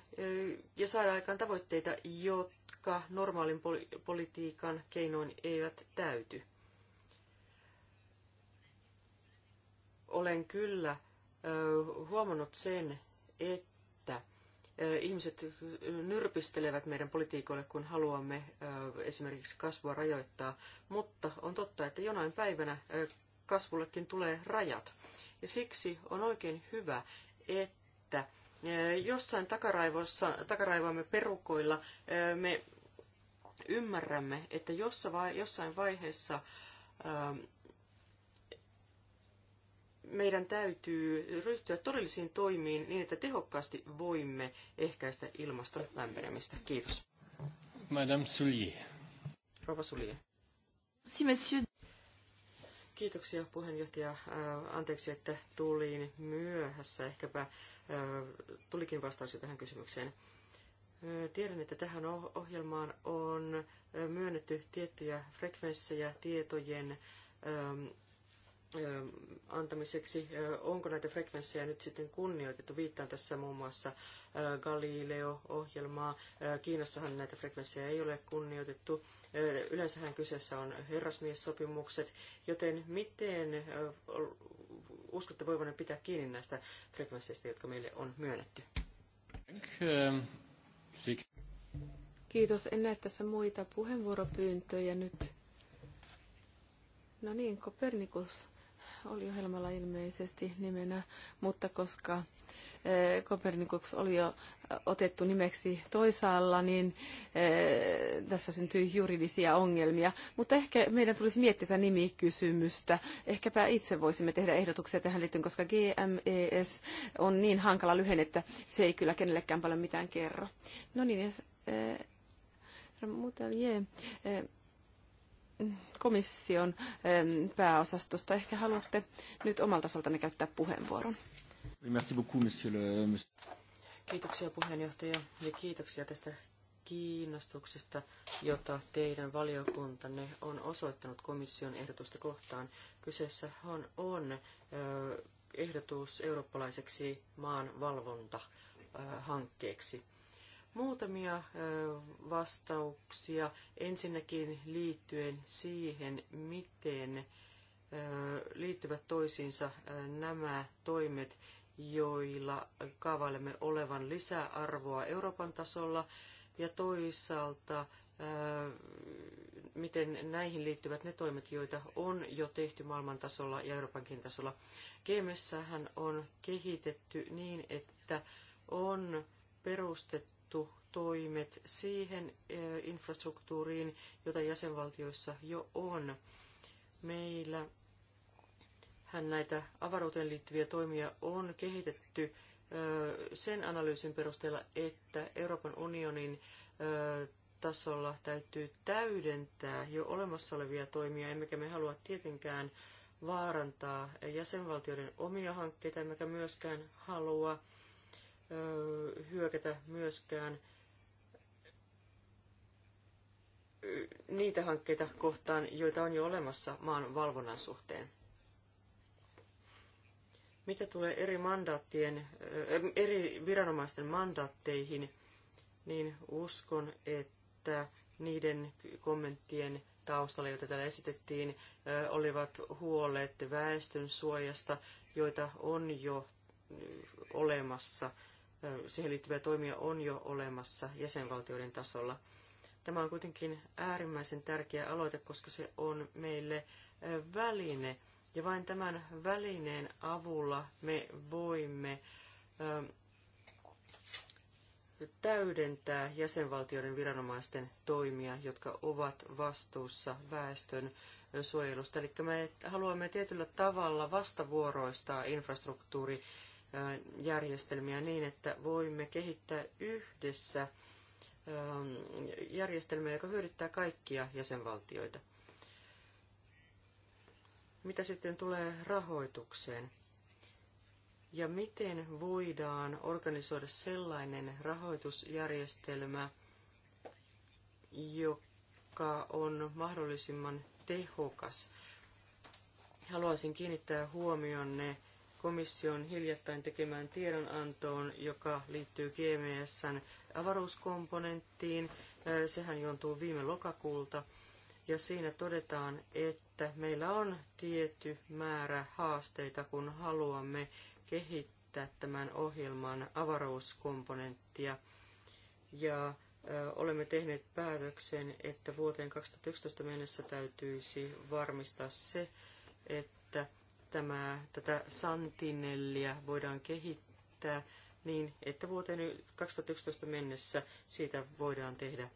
ja saada aikaan tavoitteita, jotka normaalin politiikan keinoin eivät täyty. Olen kyllä huomannut sen, että ihmiset nyrpistelevät meidän politiikoille, kun haluamme esimerkiksi kasvua rajoittaa, mutta on totta, että jonain päivänä kasvullekin tulee rajat. Ja siksi on oikein hyvä, että jossain takaraivossa, takaraivamme perukoilla me ymmärrämme, että jossain vaiheessa meidän täytyy ryhtyä todellisiin toimiin niin, että tehokkaasti voimme ehkäistä ilmaston lämpenemistä. Kiitos. Madame Soulier. Rouva Soulier. Si, monsieur. Kiitoksia puheenjohtaja. Äh, anteeksi, että tulin myöhässä. Ehkäpä äh, tulikin vastaus jo tähän kysymykseen. Äh, tiedän, että tähän ohjelmaan on myönnetty tiettyjä frekvenssejä tietojen ähm, antamiseksi. Onko näitä frekvenssejä nyt sitten kunnioitettu? Viittaan tässä muun muassa Galileo-ohjelmaa. Kiinassahan näitä frekvenssejä ei ole kunnioitettu. Yleensähän kyseessä on herrasmiessopimukset, joten miten uskotte voivanne pitää kiinni näistä frekvensseistä, jotka meille on myönnetty? Ähm, Kiitos. En näe tässä muita puheenvuoropyyntöjä nyt. No niin, Kopernikus oli ohjelmalla ilmeisesti nimenä, mutta koska Kopernikus eh, oli jo eh, otettu nimeksi toisaalla, niin eh, tässä syntyi juridisia ongelmia. Mutta ehkä meidän tulisi miettiä tätä nimikysymystä. Ehkäpä itse voisimme tehdä ehdotuksia tähän liittyen, koska GMES on niin hankala lyhen, että se ei kyllä kenellekään paljon mitään kerro. No niin, ja, jee komission pääosastosta. Ehkä haluatte nyt omalta osaltanne käyttää puheenvuoron. Kiitoksia puheenjohtaja ja kiitoksia tästä kiinnostuksesta, jota teidän valiokuntanne on osoittanut komission ehdotusta kohtaan. Kyseessä on, on ehdotus eurooppalaiseksi maanvalvontahankkeeksi. Muutamia vastauksia ensinnäkin liittyen siihen, miten liittyvät toisiinsa nämä toimet, joilla kaavailemme olevan lisäarvoa Euroopan tasolla ja toisaalta miten näihin liittyvät ne toimet, joita on jo tehty maailman tasolla ja Euroopankin tasolla. GMS on kehitetty niin, että on perustettu kohdennettu toimet siihen eh, infrastruktuuriin, jota jäsenvaltioissa jo on. Meillä hän näitä avaruuteen liittyviä toimia on kehitetty eh, sen analyysin perusteella, että Euroopan unionin eh, tasolla täytyy täydentää jo olemassa olevia toimia, emmekä me halua tietenkään vaarantaa jäsenvaltioiden omia hankkeita, emmekä myöskään halua hyökätä myöskään niitä hankkeita kohtaan, joita on jo olemassa maan valvonnan suhteen. Mitä tulee eri, mandaattien, eri viranomaisten mandaatteihin, niin uskon, että niiden kommenttien taustalla, joita täällä esitettiin, olivat huolet väestön suojasta, joita on jo olemassa – siihen liittyviä toimia on jo olemassa jäsenvaltioiden tasolla. Tämä on kuitenkin äärimmäisen tärkeä aloite, koska se on meille väline. Ja vain tämän välineen avulla me voimme täydentää jäsenvaltioiden viranomaisten toimia, jotka ovat vastuussa väestön suojelusta. Eli me haluamme tietyllä tavalla vastavuoroistaa infrastruktuuri- järjestelmiä niin, että voimme kehittää yhdessä ähm, järjestelmää, joka hyödyttää kaikkia jäsenvaltioita. Mitä sitten tulee rahoitukseen? Ja miten voidaan organisoida sellainen rahoitusjärjestelmä, joka on mahdollisimman tehokas? Haluaisin kiinnittää huomionne komission hiljattain tekemään tiedonantoon, joka liittyy GMSn avaruuskomponenttiin. Sehän juontuu viime lokakuulta. Ja siinä todetaan, että meillä on tietty määrä haasteita, kun haluamme kehittää tämän ohjelman avaruuskomponenttia. Ja olemme tehneet päätöksen, että vuoteen 2011 mennessä täytyisi varmistaa se, että tämä, tätä santinellia voidaan kehittää niin, että vuoteen 2011 mennessä siitä voidaan tehdä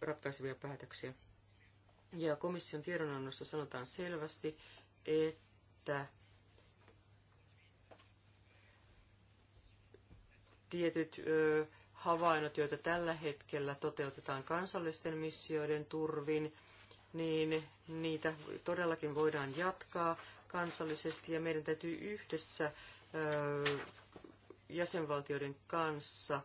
ratkaisevia päätöksiä. Ja komission tiedonannossa sanotaan selvästi, että tietyt havainnot, joita tällä hetkellä toteutetaan kansallisten missioiden turvin, niin niitä todellakin voidaan jatkaa kansallisesti ja meidän täytyy yhdessä jäsenvaltioiden kanssa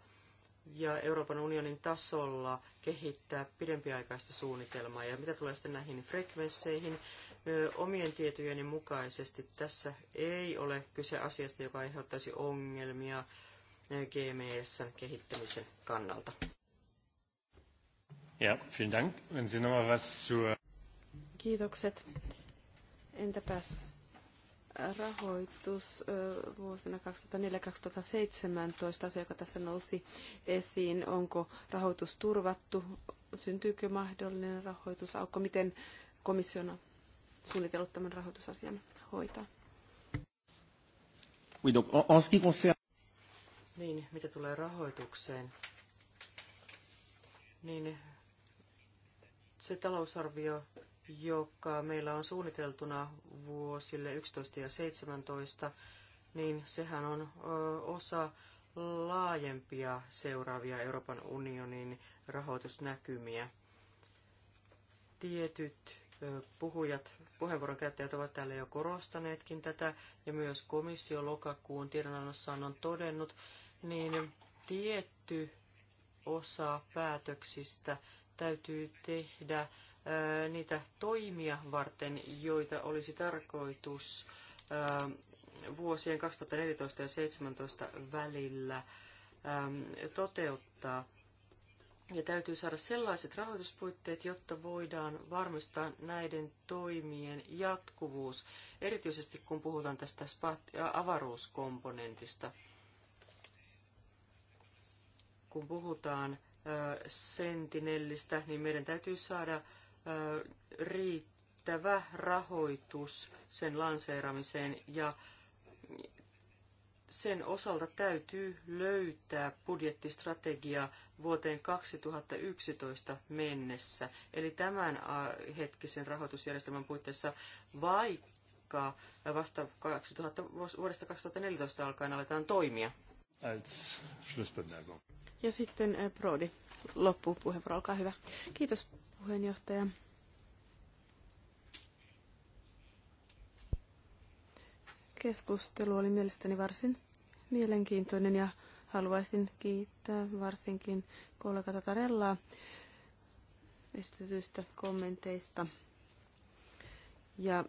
ja Euroopan unionin tasolla kehittää pidempiaikaista suunnitelmaa. Ja mitä tulee sitten näihin frekvensseihin, omien tietojeni mukaisesti tässä ei ole kyse asiasta, joka aiheuttaisi ongelmia GMSn kehittämisen kannalta. Ja, vielen Dank. Wenn Sie noch mal was zur... Äh, Kiitokset. Entäpäs rahoitus vuosina 2004-2017, asia, joka tässä nousi esiin, onko rahoitus turvattu, syntyykö mahdollinen rahoitusaukko, miten komissiona suunnitellut tämän rahoitusasian hoitaa? Oui, donc, en, ce qui concerne... Niin, mitä tulee rahoitukseen, niin se talousarvio, joka meillä on suunniteltuna vuosille 11 ja 17, niin sehän on osa laajempia seuraavia Euroopan unionin rahoitusnäkymiä. Tietyt puhujat, puheenvuoron käyttäjät ovat täällä jo korostaneetkin tätä, ja myös komissio lokakuun tiedonannossaan on todennut, niin tietty osa päätöksistä – täytyy tehdä niitä toimia varten, joita olisi tarkoitus vuosien 2014 ja 2017 välillä toteuttaa. Ja täytyy saada sellaiset rahoituspuitteet, jotta voidaan varmistaa näiden toimien jatkuvuus, erityisesti kun puhutaan tästä avaruuskomponentista. Kun puhutaan sentinellistä, niin meidän täytyy saada riittävä rahoitus sen lanseeramiseen ja sen osalta täytyy löytää budjettistrategia vuoteen 2011 mennessä, eli tämän hetkisen rahoitusjärjestelmän puitteissa, vaikka vasta 2000, vuodesta 2014 alkaen aletaan toimia. Als ja sitten eh, Brody, loppupuheenvuoro, olkaa hyvä. Kiitos puheenjohtaja. Keskustelu oli mielestäni varsin mielenkiintoinen ja haluaisin kiittää varsinkin kollega Tatarellaa esitetyistä kommenteista. Ja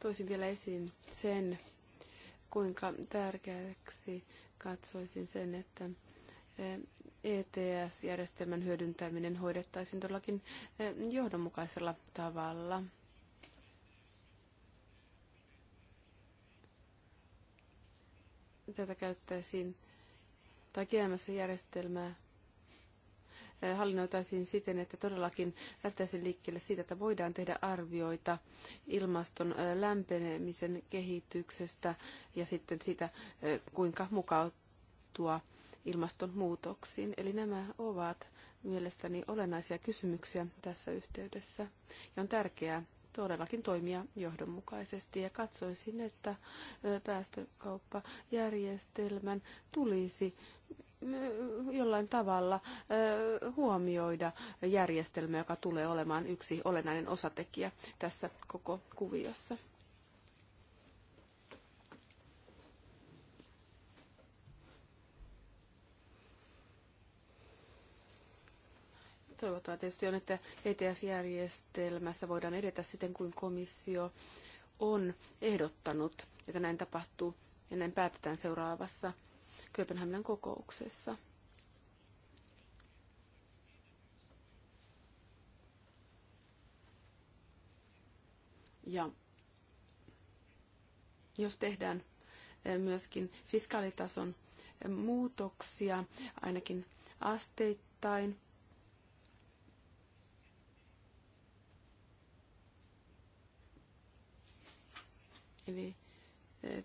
toisin vielä esiin sen, kuinka tärkeäksi katsoisin sen, että ETS-järjestelmän eh, e hyödyntäminen hoidettaisiin todellakin eh, johdonmukaisella tavalla. Tätä käyttäisiin tai järjestelmää hallinnoitaisiin siten, että todellakin lähtäisiin liikkeelle siitä, että voidaan tehdä arvioita ilmaston lämpenemisen kehityksestä ja sitten siitä, kuinka mukautua ilmastonmuutoksiin. Eli nämä ovat mielestäni olennaisia kysymyksiä tässä yhteydessä. Ja on tärkeää todellakin toimia johdonmukaisesti ja katsoisin, että päästökauppajärjestelmän tulisi jollain tavalla huomioida järjestelmä, joka tulee olemaan yksi olennainen osatekijä tässä koko kuviossa. Toivotaan tietysti on, että ETS-järjestelmässä voidaan edetä siten kuin komissio on ehdottanut, että näin tapahtuu ja näin päätetään seuraavassa Kööpenhaminan kokouksessa. Ja jos tehdään eh, myöskin fiskaalitason eh, muutoksia, ainakin asteittain, Eli eh,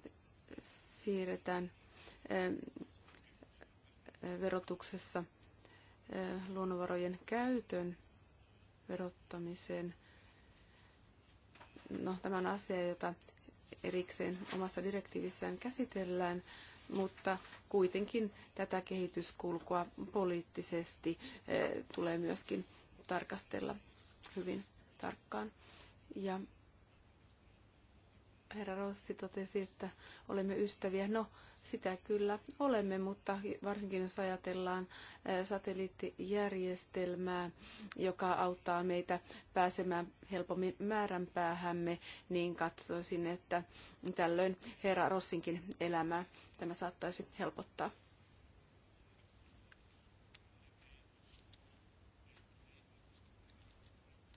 siirretään verotuksessa luonnonvarojen käytön verottamiseen. No, tämä on asia, jota erikseen omassa direktiivissään käsitellään, mutta kuitenkin tätä kehityskulkua poliittisesti tulee myöskin tarkastella hyvin tarkkaan. Ja herra Rossi totesi, että olemme ystäviä. No, sitä kyllä olemme, mutta varsinkin jos ajatellaan satelliittijärjestelmää, joka auttaa meitä pääsemään helpommin määränpäähämme, niin katsoisin, että tällöin herra Rossinkin elämää tämä saattaisi helpottaa.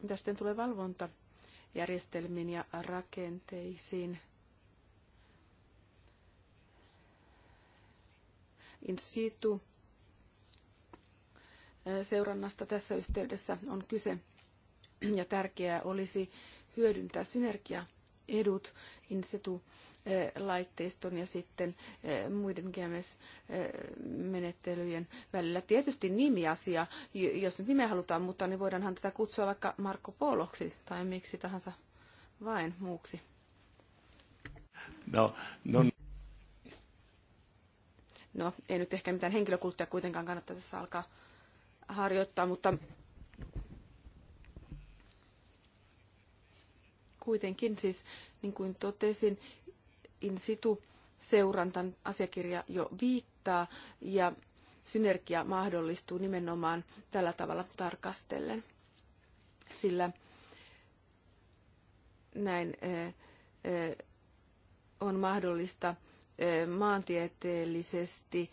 Tästä sitten tulee valvontajärjestelmiin ja rakenteisiin? in situ seurannasta tässä yhteydessä on kyse ja tärkeää olisi hyödyntää synergiaedut in situ laitteiston ja sitten muiden GMS-menettelyjen välillä. Tietysti nimiasia, jos nyt nimeä halutaan, mutta niin voidaanhan tätä kutsua vaikka Marko Poloksi tai miksi tahansa vain muuksi. No, no, No, ei nyt ehkä mitään henkilökulttia kuitenkaan kannattaa tässä alkaa harjoittaa, mutta kuitenkin siis, niin kuin totesin, in situ seurantan asiakirja jo viittaa ja synergia mahdollistuu nimenomaan tällä tavalla tarkastellen. Sillä näin eh, eh, on mahdollista maantieteellisesti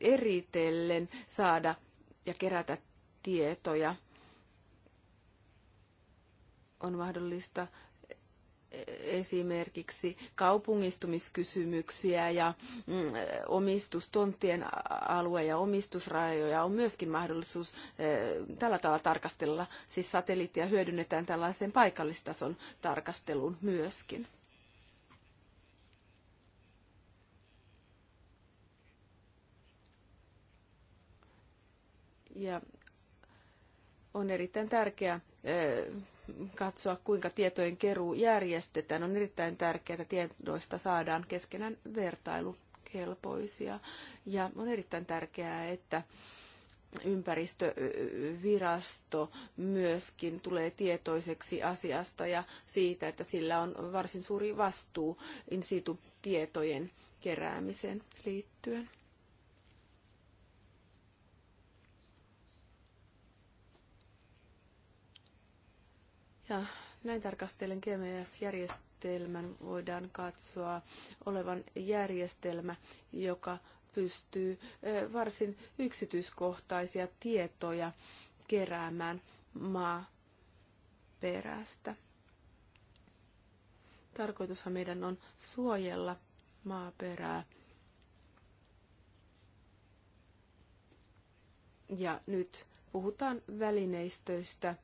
eritellen saada ja kerätä tietoja. On mahdollista esimerkiksi kaupungistumiskysymyksiä ja mm, omistustonttien alue- ja omistusrajoja on myöskin mahdollisuus tällä tavalla tarkastella. Siis satelliittia hyödynnetään tällaisen paikallistason tarkasteluun myöskin. ja on erittäin tärkeää katsoa, kuinka tietojen keruu järjestetään. On erittäin tärkeää, että tiedoista saadaan keskenään vertailukelpoisia. Ja on erittäin tärkeää, että ympäristövirasto myöskin tulee tietoiseksi asiasta ja siitä, että sillä on varsin suuri vastuu in situ tietojen keräämiseen liittyen. Ja näin tarkastellen GMS-järjestelmän voidaan katsoa olevan järjestelmä, joka pystyy varsin yksityiskohtaisia tietoja keräämään maaperästä. Tarkoitushan meidän on suojella maaperää. Ja nyt puhutaan välineistöistä –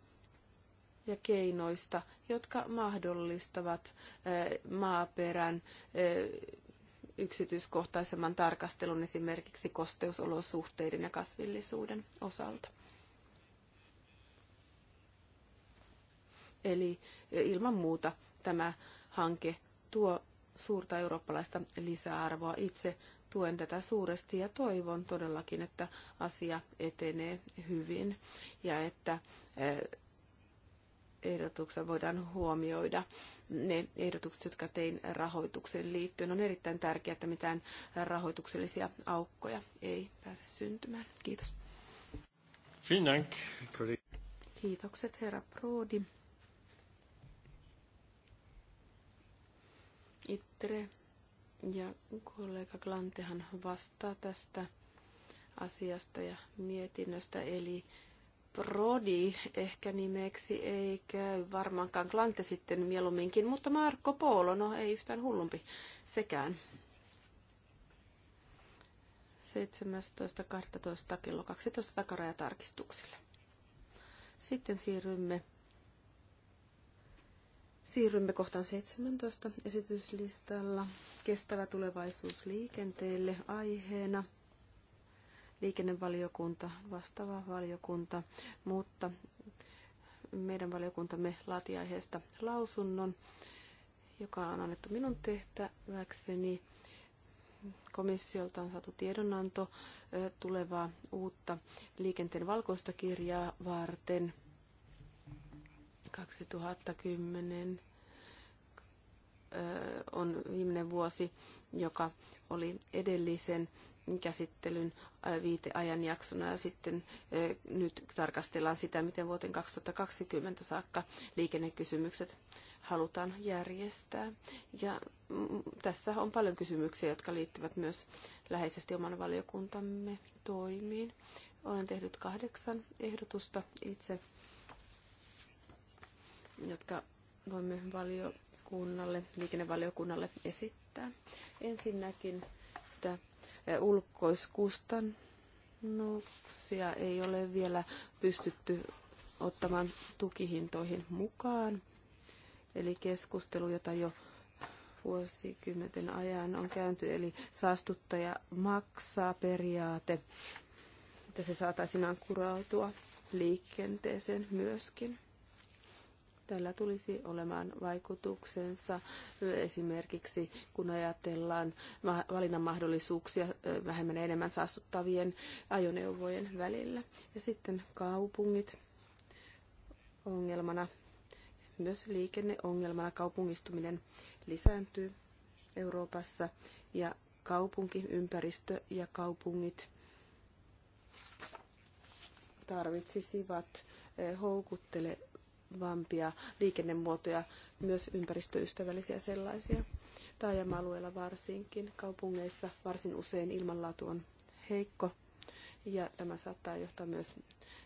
ja keinoista, jotka mahdollistavat maaperän yksityiskohtaisemman tarkastelun esimerkiksi kosteusolosuhteiden ja kasvillisuuden osalta. Eli ilman muuta tämä hanke tuo suurta eurooppalaista lisäarvoa. Itse tuen tätä suuresti ja toivon todellakin, että asia etenee hyvin ja että ehdotuksia voidaan huomioida ne ehdotukset, jotka tein rahoitukseen liittyen. On erittäin tärkeää, että mitään rahoituksellisia aukkoja ei pääse syntymään. Kiitos. Kiitokset, herra Proodi. Itre ja kollega Glantehan vastaa tästä asiasta ja mietinnöstä, eli Prodi ehkä nimeksi ei käy, varmaankaan Klante sitten mieluumminkin, mutta Marko Polo, no ei yhtään hullumpi sekään. 17.12. kello 12 takaraja tarkistuksille. Sitten siirrymme, siirrymme kohtaan 17 esityslistalla. Kestävä tulevaisuus liikenteelle aiheena liikennevaliokunta, vastaava valiokunta, mutta meidän valiokuntamme laati aiheesta lausunnon, joka on annettu minun tehtäväkseni. Komissiolta on saatu tiedonanto tulevaa uutta liikenteen valkoista kirjaa varten 2010 on viimeinen vuosi, joka oli edellisen käsittelyn äh, viiteajan jaksona ja sitten äh, nyt tarkastellaan sitä, miten vuoteen 2020 saakka liikennekysymykset halutaan järjestää. Ja mm, tässä on paljon kysymyksiä, jotka liittyvät myös läheisesti oman valiokuntamme toimiin. Olen tehnyt kahdeksan ehdotusta itse, jotka voimme valiokunnalle, liikennevaliokunnalle esittää. Ensinnäkin, että ulkoiskustannuksia ei ole vielä pystytty ottamaan tukihintoihin mukaan. Eli keskustelu, jota jo vuosikymmenten ajan on käynty, eli saastuttaja maksaa periaate, että se saataisiin kurautua liikenteeseen myöskin. Tällä tulisi olemaan vaikutuksensa esimerkiksi, kun ajatellaan valinnan mahdollisuuksia vähemmän ja enemmän saastuttavien ajoneuvojen välillä. Ja sitten kaupungit ongelmana, myös liikenneongelmana kaupungistuminen lisääntyy Euroopassa ja kaupunkiympäristö ja kaupungit tarvitsisivat houkuttele vampia liikennemuotoja, myös ympäristöystävällisiä sellaisia. Taajama-alueella varsinkin, kaupungeissa varsin usein ilmanlaatu on heikko ja tämä saattaa johtaa myös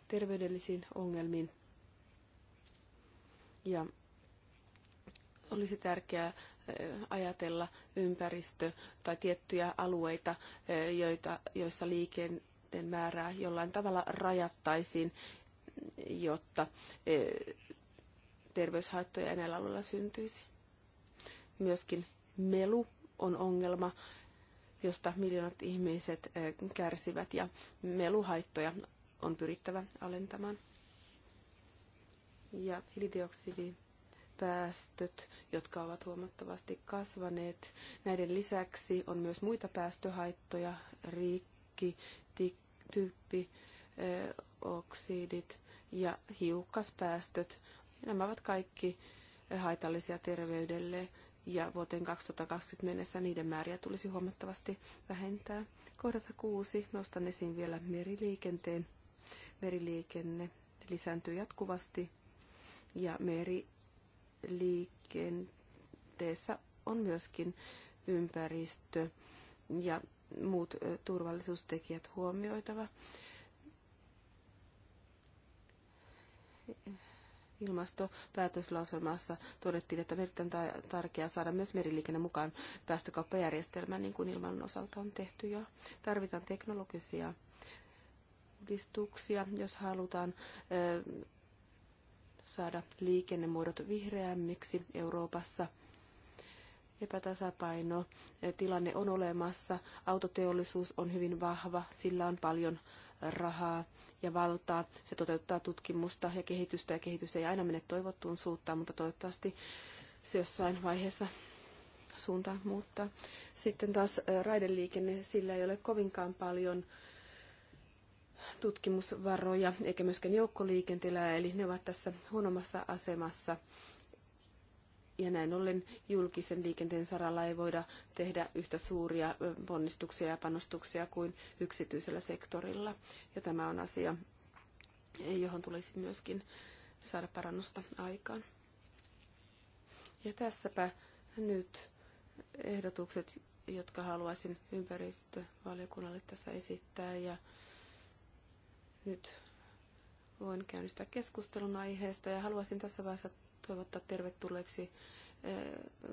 terveydellisiin ongelmiin. Ja olisi tärkeää ajatella ympäristö- tai tiettyjä alueita, joita, joissa liikenteen määrää jollain tavalla rajattaisiin jotta e, terveyshaittoja näillä alueilla syntyisi. Myöskin melu on ongelma, josta miljoonat ihmiset e, kärsivät ja meluhaittoja on pyrittävä alentamaan. Ja hiilidioksidipäästöt, jotka ovat huomattavasti kasvaneet. Näiden lisäksi on myös muita päästöhaittoja, riikki, tyyppi, e, oksidit ja hiukkaspäästöt. Nämä ovat kaikki haitallisia terveydelle ja vuoteen 2020 mennessä niiden määriä tulisi huomattavasti vähentää. Kohdassa kuusi nostan esiin vielä meriliikenteen. Meriliikenne lisääntyy jatkuvasti ja meriliikenteessä on myöskin ympäristö ja muut turvallisuustekijät huomioitava. ilmastopäätöslauselmassa todettiin, että on tärkeää saada myös meriliikenne mukaan päästökauppajärjestelmään, niin kuin ilman osalta on tehty jo. Tarvitaan teknologisia uudistuksia, jos halutaan saada liikennemuodot vihreämmiksi Euroopassa. Epätasapaino tilanne on olemassa. Autoteollisuus on hyvin vahva, sillä on paljon rahaa ja valtaa. Se toteuttaa tutkimusta ja kehitystä ja kehitys ei aina mene toivottuun suuntaan, mutta toivottavasti se jossain vaiheessa suunta muuttaa. Sitten taas raideliikenne, sillä ei ole kovinkaan paljon tutkimusvaroja eikä myöskään joukkoliikenteellä, eli ne ovat tässä huonommassa asemassa ja näin ollen julkisen liikenteen saralla ei voida tehdä yhtä suuria ponnistuksia ja panostuksia kuin yksityisellä sektorilla. Ja tämä on asia, johon tulisi myöskin saada parannusta aikaan. Ja tässäpä nyt ehdotukset, jotka haluaisin ympäristövaliokunnalle tässä esittää. Ja nyt voin käynnistää keskustelun aiheesta ja haluaisin tässä vaiheessa toivottaa tervetulleeksi eh,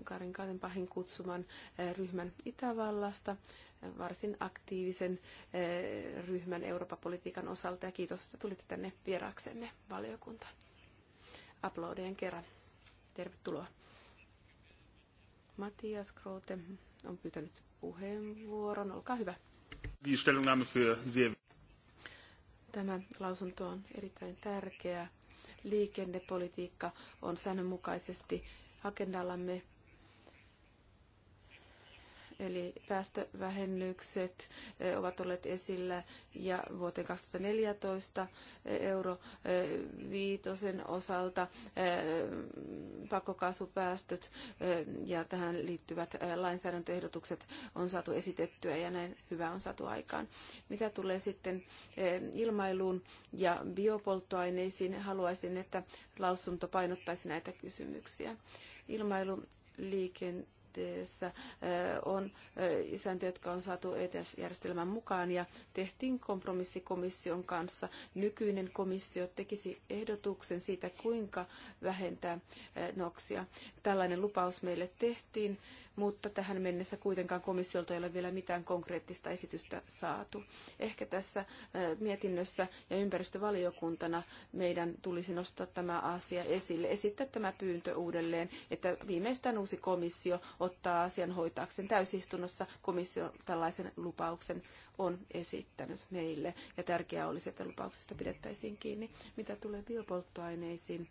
Karin Kaatenpahin kutsuman eh, ryhmän Itävallasta, eh, varsin aktiivisen ryhmän Euroopan politiikan osalta ja kiitos, että tulitte tänne vieraaksemme valiokuntaan. Aplodeen kerran. Tervetuloa. Matias Kroote on pyytänyt puheenvuoron. Olkaa hyvä. Tämä lausunto on erittäin tärkeä liikennepolitiikka on säännönmukaisesti agendallamme Eli päästövähennykset eh, ovat olleet esillä ja vuoteen 2014 eh, euro eh, viitosen osalta pakokaasupäästöt ja tähän liittyvät lainsäädäntöehdotukset on saatu esitettyä ja näin hyvä on saatu aikaan. Mitä tulee sitten ilmailuun ja biopolttoaineisiin, haluaisin, että lausunto painottaisi näitä kysymyksiä. Ilmailu liikenne ETS on isäntöjä, jotka on saatu ETS-järjestelmän mukaan ja tehtiin kompromissi komission kanssa. Nykyinen komissio tekisi ehdotuksen siitä, kuinka vähentää noksia. Tällainen lupaus meille tehtiin, mutta tähän mennessä kuitenkaan komissiolta ei ole vielä mitään konkreettista esitystä saatu. Ehkä tässä mietinnössä ja ympäristövaliokuntana meidän tulisi nostaa tämä asia esille, esittää tämä pyyntö uudelleen, että viimeistään uusi komissio ottaa asian hoitaakseen täysistunnossa. Komissio tällaisen lupauksen on esittänyt meille ja tärkeää olisi, että lupauksesta pidettäisiin kiinni. Mitä tulee biopolttoaineisiin?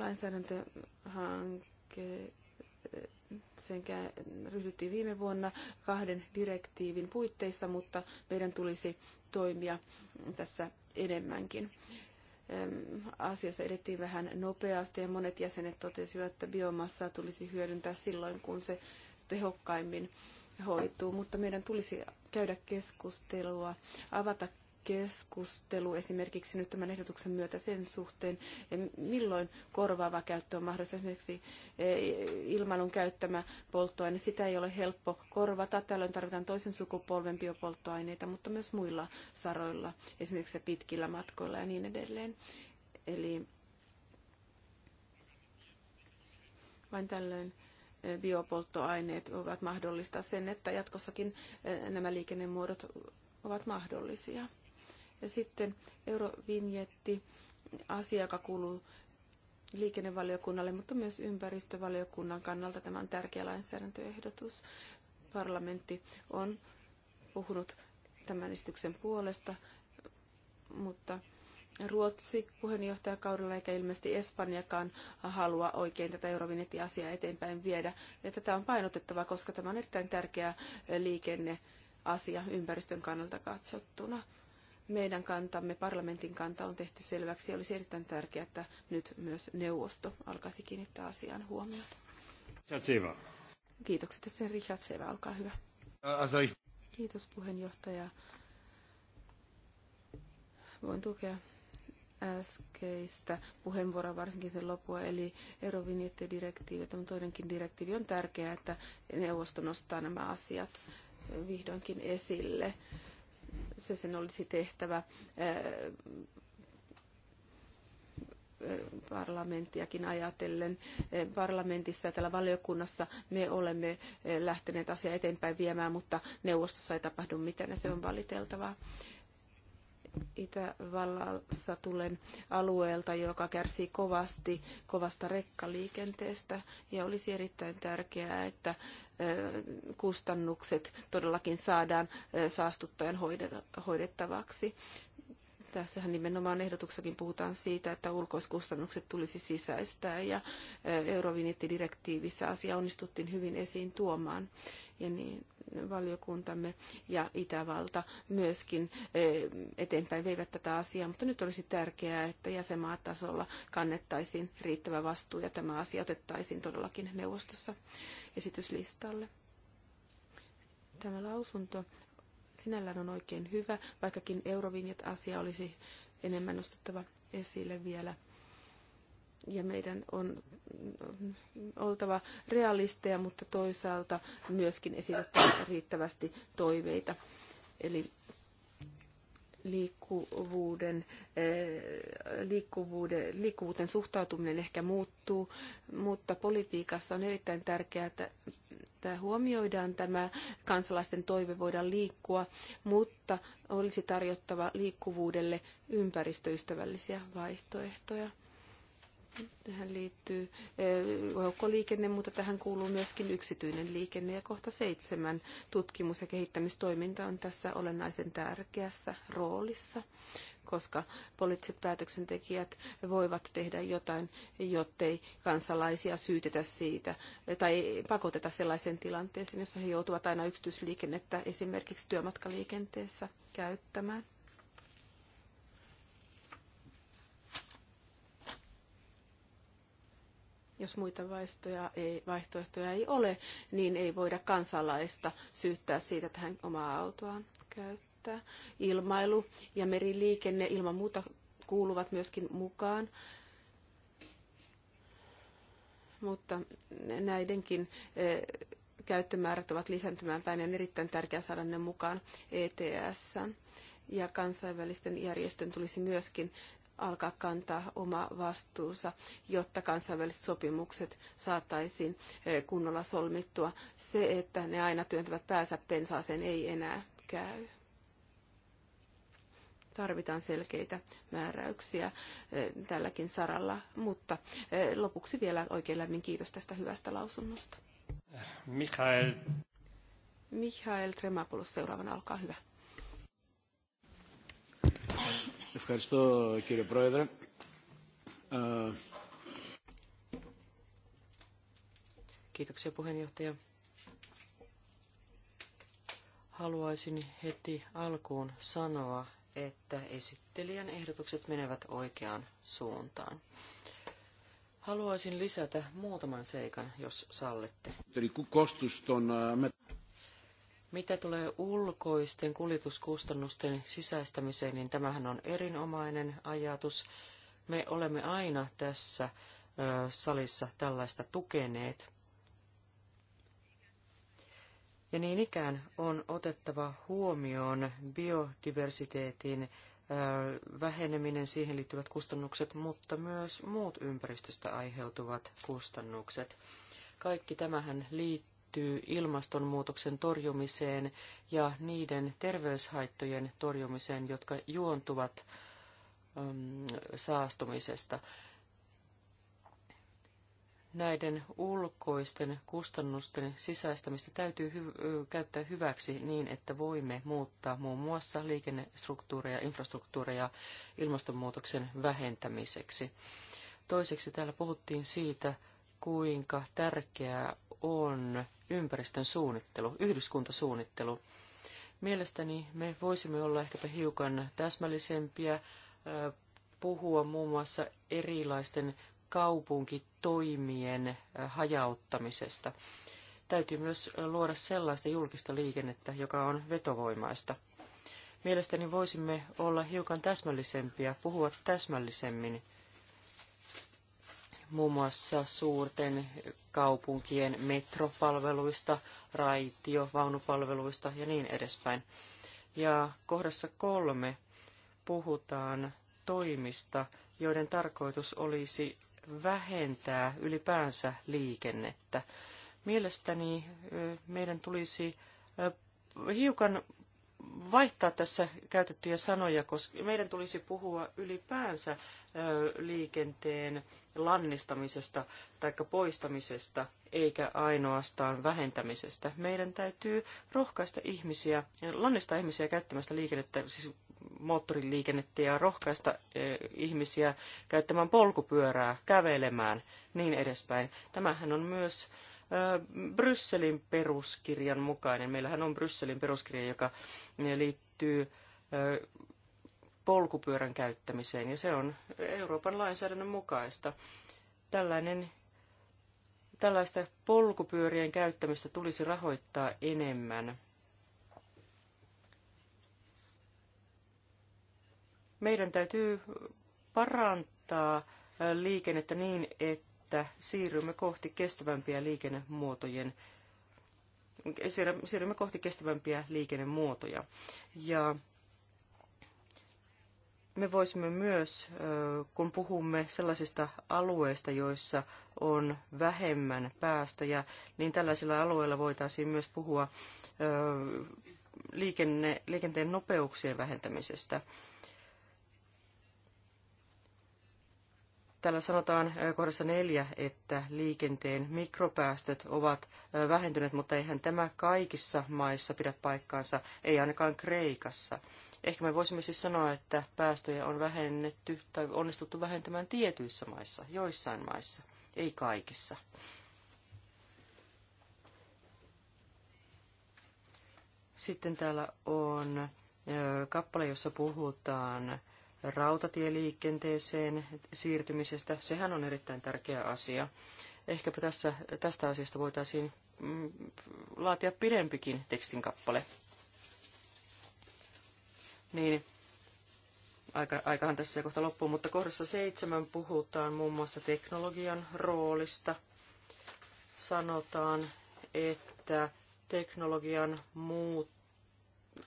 lainsäädäntöhanke sen ryhdyttiin viime vuonna kahden direktiivin puitteissa, mutta meidän tulisi toimia tässä enemmänkin. Asiassa edettiin vähän nopeasti ja monet jäsenet totesivat, että biomassaa tulisi hyödyntää silloin, kun se tehokkaimmin hoituu, mutta meidän tulisi käydä keskustelua, avata keskustelu esimerkiksi nyt tämän ehdotuksen myötä sen suhteen, e, milloin korvaava käyttö on mahdollista. Esimerkiksi e, ilmailun käyttämä polttoaine, sitä ei ole helppo korvata. Tällöin tarvitaan toisen sukupolven biopolttoaineita, mutta myös muilla saroilla, esimerkiksi pitkillä matkoilla ja niin edelleen. Eli vain tällöin e, biopolttoaineet ovat mahdollista sen, että jatkossakin nämä liikennemuodot ovat mahdollisia. Ja sitten eurovinjetti, asia, joka kuuluu liikennevaliokunnalle, mutta myös ympäristövaliokunnan kannalta tämä on tärkeä lainsäädäntöehdotus. Parlamentti on puhunut tämän esityksen puolesta, mutta Ruotsi puheenjohtajakaudella eikä ilmeisesti Espanjakaan halua oikein tätä eurovinjettiasiaa eteenpäin viedä. Ja tätä on painotettava, koska tämä on erittäin tärkeä liikenneasia ympäristön kannalta katsottuna meidän kantamme, parlamentin kanta on tehty selväksi ja olisi erittäin tärkeää, että nyt myös neuvosto alkaisi kiinnittää asiaan huomiota. Kiitokset ja sen Richard Seva, olkaa hyvä. Kiitos puheenjohtaja. Voin tukea äskeistä puheenvuoroa, varsinkin sen lopua, eli eurovinjettidirektiivi, tämä toinenkin direktiivi on tärkeää, että neuvosto nostaa nämä asiat vihdoinkin esille se sen olisi tehtävä parlamenttiakin ajatellen. Parlamentissa ja täällä valiokunnassa me olemme lähteneet asiaa eteenpäin viemään, mutta neuvostossa ei tapahdu mitään ja se on valiteltavaa. Itävallassa tulen alueelta, joka kärsii kovasti kovasta rekkaliikenteestä ja olisi erittäin tärkeää, että kustannukset todellakin saadaan saastuttajan hoidettavaksi. Tässähän nimenomaan ehdotuksakin puhutaan siitä, että ulkoiskustannukset tulisi sisäistää ja Eurovinjettidirektiivissä asia onnistuttiin hyvin esiin tuomaan. Ja niin valiokuntamme ja Itävalta myöskin eteenpäin veivät tätä asiaa, mutta nyt olisi tärkeää, että jäsenmaatasolla kannettaisiin riittävä vastuu ja tämä asia otettaisiin todellakin neuvostossa esityslistalle. Tämä lausunto sinällään on oikein hyvä, vaikkakin Eurovinjet-asia olisi enemmän nostettava esille vielä. Ja meidän on mm, oltava realisteja, mutta toisaalta myöskin esitettävä riittävästi toiveita. Eli liikkuvuuden, eh, liikkuvuuden, liikkuvuuden suhtautuminen ehkä muuttuu, mutta politiikassa on erittäin tärkeää, että että huomioidaan tämä kansalaisten toive voida liikkua, mutta olisi tarjottava liikkuvuudelle ympäristöystävällisiä vaihtoehtoja. Tähän liittyy eh, joukkoliikenne, mutta tähän kuuluu myöskin yksityinen liikenne ja kohta seitsemän tutkimus- ja kehittämistoiminta on tässä olennaisen tärkeässä roolissa koska poliittiset päätöksentekijät voivat tehdä jotain, jottei kansalaisia syytetä siitä tai pakoteta sellaiseen tilanteeseen, jossa he joutuvat aina yksityisliikennettä esimerkiksi työmatkaliikenteessä käyttämään. jos muita vaihtoehtoja ei, vaihtoehtoja ei ole, niin ei voida kansalaista syyttää siitä, että hän omaa autoaan käyttää että ilmailu ja meriliikenne ilman muuta kuuluvat myöskin mukaan. Mutta näidenkin eh, käyttömäärät ovat lisääntymään päin ja on erittäin tärkeää saada ne mukaan ETS. Ja kansainvälisten järjestön tulisi myöskin alkaa kantaa oma vastuunsa, jotta kansainväliset sopimukset saataisiin eh, kunnolla solmittua. Se, että ne aina työntävät päänsä pensaaseen, ei enää käy tarvitaan selkeitä määräyksiä eh, tälläkin saralla. Mutta eh, lopuksi vielä oikein lämmin kiitos tästä hyvästä lausunnosta. Mikael. Mihail Tremapoulos seuraavana, olkaa hyvä. Kiitoksia puheenjohtaja. Haluaisin heti alkuun sanoa, että esittelijän ehdotukset menevät oikeaan suuntaan. Haluaisin lisätä muutaman seikan, jos sallitte. Mitä tulee ulkoisten kuljetuskustannusten sisäistämiseen, niin tämähän on erinomainen ajatus. Me olemme aina tässä salissa tällaista tukeneet. Ja niin ikään on otettava huomioon biodiversiteetin väheneminen, siihen liittyvät kustannukset, mutta myös muut ympäristöstä aiheutuvat kustannukset. Kaikki tämähän liittyy ilmastonmuutoksen torjumiseen ja niiden terveyshaittojen torjumiseen, jotka juontuvat saastumisesta näiden ulkoisten kustannusten sisäistämistä täytyy hy- käyttää hyväksi niin, että voimme muuttaa muun muassa liikennestruktuureja, infrastruktuureja ilmastonmuutoksen vähentämiseksi. Toiseksi täällä puhuttiin siitä, kuinka tärkeää on ympäristön suunnittelu, yhdyskuntasuunnittelu. Mielestäni me voisimme olla ehkäpä hiukan täsmällisempiä, puhua muun muassa erilaisten kaupunkitoimien äh, hajauttamisesta. Täytyy myös luoda sellaista julkista liikennettä, joka on vetovoimaista. Mielestäni voisimme olla hiukan täsmällisempiä, puhua täsmällisemmin muun muassa suurten kaupunkien metropalveluista, raitio, vaunupalveluista ja niin edespäin. Ja kohdassa kolme puhutaan toimista, joiden tarkoitus olisi vähentää ylipäänsä liikennettä. Mielestäni meidän tulisi hiukan vaihtaa tässä käytettyjä sanoja, koska meidän tulisi puhua ylipäänsä liikenteen lannistamisesta tai poistamisesta, eikä ainoastaan vähentämisestä. Meidän täytyy rohkaista ihmisiä, lannistaa ihmisiä käyttämästä liikennettä, siis moottoriliikennettä ja rohkaista ihmisiä käyttämään polkupyörää, kävelemään, niin edespäin. Tämähän on myös Brysselin peruskirjan mukainen. Meillähän on Brysselin peruskirja, joka liittyy polkupyörän käyttämiseen, ja se on Euroopan lainsäädännön mukaista. Tällainen, tällaista polkupyörien käyttämistä tulisi rahoittaa enemmän Meidän täytyy parantaa äh, liikennettä niin, että siirrymme kohti kestävämpiä liikennemuotojen siirrymme kohti kestävämpiä liikennemuotoja. Ja me voisimme myös, äh, kun puhumme sellaisista alueista, joissa on vähemmän päästöjä, niin tällaisilla alueilla voitaisiin myös puhua äh, liikenne, liikenteen nopeuksien vähentämisestä. Täällä sanotaan kohdassa neljä, että liikenteen mikropäästöt ovat vähentyneet, mutta eihän tämä kaikissa maissa pidä paikkaansa, ei ainakaan Kreikassa. Ehkä me voisimme siis sanoa, että päästöjä on vähennetty tai onnistuttu vähentämään tietyissä maissa, joissain maissa, ei kaikissa. Sitten täällä on kappale, jossa puhutaan rautatieliikenteeseen siirtymisestä. Sehän on erittäin tärkeä asia. Ehkäpä tässä, tästä asiasta voitaisiin mm, laatia pidempikin tekstin kappale. Niin, aika, aikahan tässä kohta loppuu, mutta kohdassa seitsemän puhutaan muun muassa teknologian roolista. Sanotaan, että teknologian muut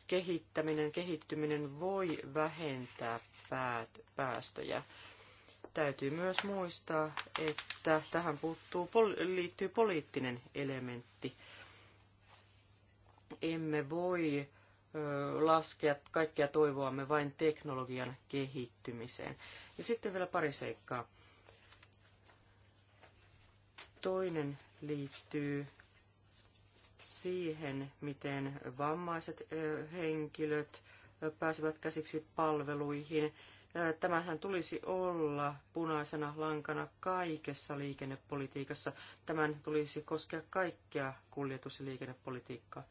kehittäminen, kehittyminen voi vähentää päät päästöjä. Täytyy myös muistaa, että tähän puuttuu, liittyy poliittinen elementti. Emme voi laskea kaikkia toivoamme vain teknologian kehittymiseen. Ja sitten vielä pari seikkaa. Toinen liittyy siihen, miten vammaiset henkilöt pääsevät käsiksi palveluihin. Tämähän tulisi olla punaisena lankana kaikessa liikennepolitiikassa. Tämän tulisi koskea kaikkea kuljetus- ja liikennepolitiikkaa.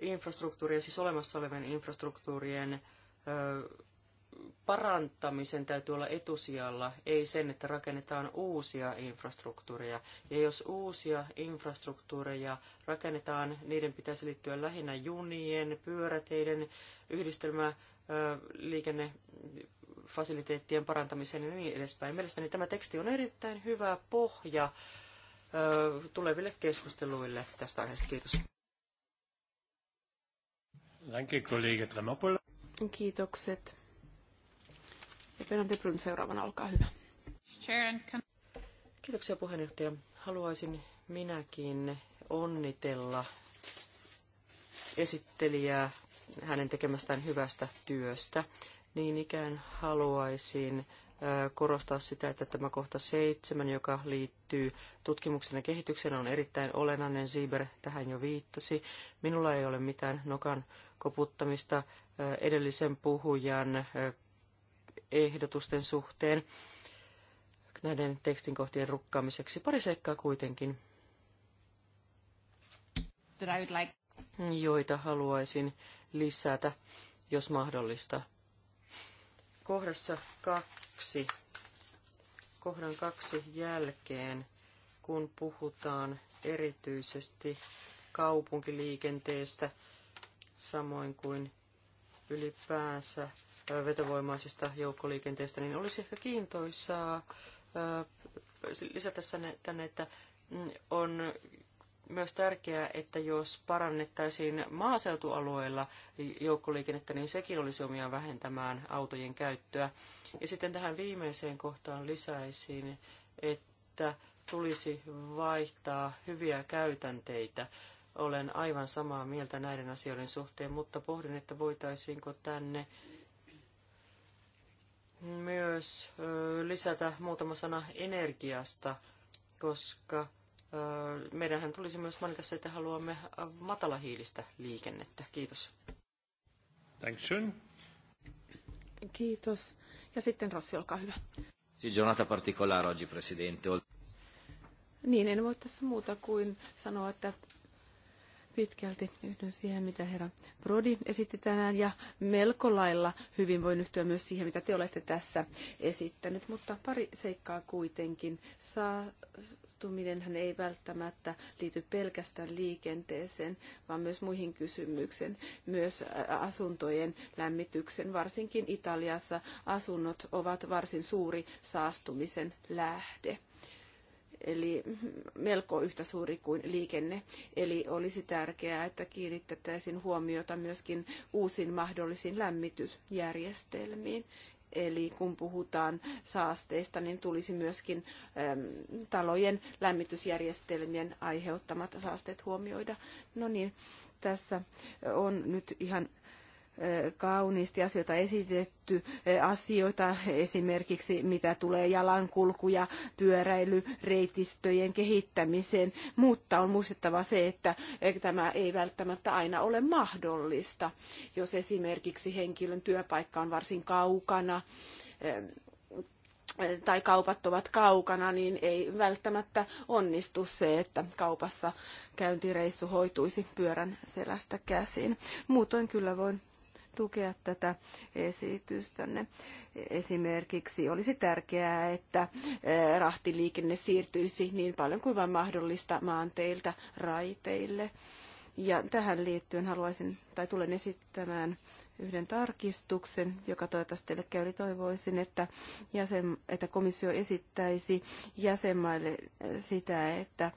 Infrastruktuurien, siis olemassa olevien infrastruktuurien parantamisen täytyy olla etusijalla, ei sen, että rakennetaan uusia infrastruktuureja. Ja jos uusia infrastruktuureja rakennetaan, niiden pitäisi liittyä lähinnä junien, pyöräteiden, yhdistelmä, parantamiseen ja niin edespäin. Mielestäni tämä teksti on erittäin hyvä pohja tuleville keskusteluille tästä aiheesta. Kiitos. kollega Kiitokset. Penalty Brun seuraavana, olkaa hyvä. Kiitoksia puheenjohtaja. Haluaisin minäkin onnitella esittelijää hänen tekemästään hyvästä työstä. Niin ikään haluaisin korostaa sitä, että tämä kohta seitsemän, joka liittyy tutkimuksen ja kehityksen, on erittäin olennainen. Sieber tähän jo viittasi. Minulla ei ole mitään nokan koputtamista edellisen puhujan ehdotusten suhteen näiden tekstin kohtien rukkaamiseksi. Pari seikkaa kuitenkin, joita haluaisin lisätä, jos mahdollista. Kohdassa kaksi, kohdan kaksi jälkeen, kun puhutaan erityisesti kaupunkiliikenteestä, samoin kuin ylipäänsä vetovoimaisesta joukkoliikenteestä, niin olisi ehkä kiintoisaa lisätä tänne, että mm, on myös tärkeää, että jos parannettaisiin maaseutualueilla joukkoliikennettä, niin sekin olisi omiaan vähentämään autojen käyttöä. Ja sitten tähän viimeiseen kohtaan lisäisin, että tulisi vaihtaa hyviä käytänteitä. Olen aivan samaa mieltä näiden asioiden suhteen, mutta pohdin, että voitaisiinko tänne myös lisätä muutama sana energiasta, koska meidänhän tulisi myös mainita se, että haluamme matalahiilistä liikennettä. Kiitos. Dankeschön. Kiitos. Ja sitten Rossi, olkaa hyvä. Sì, giornata particolare oggi, Presidente. Niin, en voi tässä muuta kuin sanoa, että pitkälti yhdyn siihen, mitä herra Brodi esitti tänään, ja melko lailla hyvin voin yhtyä myös siihen, mitä te olette tässä esittänyt, mutta pari seikkaa kuitenkin. Saastuminenhän ei välttämättä liity pelkästään liikenteeseen, vaan myös muihin kysymyksiin, myös asuntojen lämmityksen. Varsinkin Italiassa asunnot ovat varsin suuri saastumisen lähde eli melko yhtä suuri kuin liikenne. Eli olisi tärkeää, että kiinnittäisiin huomiota myöskin uusiin mahdollisiin lämmitysjärjestelmiin. Eli kun puhutaan saasteista, niin tulisi myöskin talojen lämmitysjärjestelmien aiheuttamat saasteet huomioida. No niin, tässä on nyt ihan kauniisti asioita esitetty, asioita esimerkiksi mitä tulee jalankulku- ja pyöräilyreitistöjen kehittämiseen, mutta on muistettava se, että tämä ei välttämättä aina ole mahdollista, jos esimerkiksi henkilön työpaikka on varsin kaukana tai kaupat ovat kaukana, niin ei välttämättä onnistu se, että kaupassa käyntireissu hoituisi pyörän selästä käsin. Muutoin kyllä voin tukea tätä esitystänne. Esimerkiksi olisi tärkeää, että eh, rahtiliikenne siirtyisi niin paljon kuin vain mahdollista maanteiltä raiteille. Ja tähän liittyen haluaisin tai tulen esittämään yhden tarkistuksen, joka toivottavasti teille käyli toivoisin, että, jäsen, että komissio esittäisi jäsenmaille sitä, että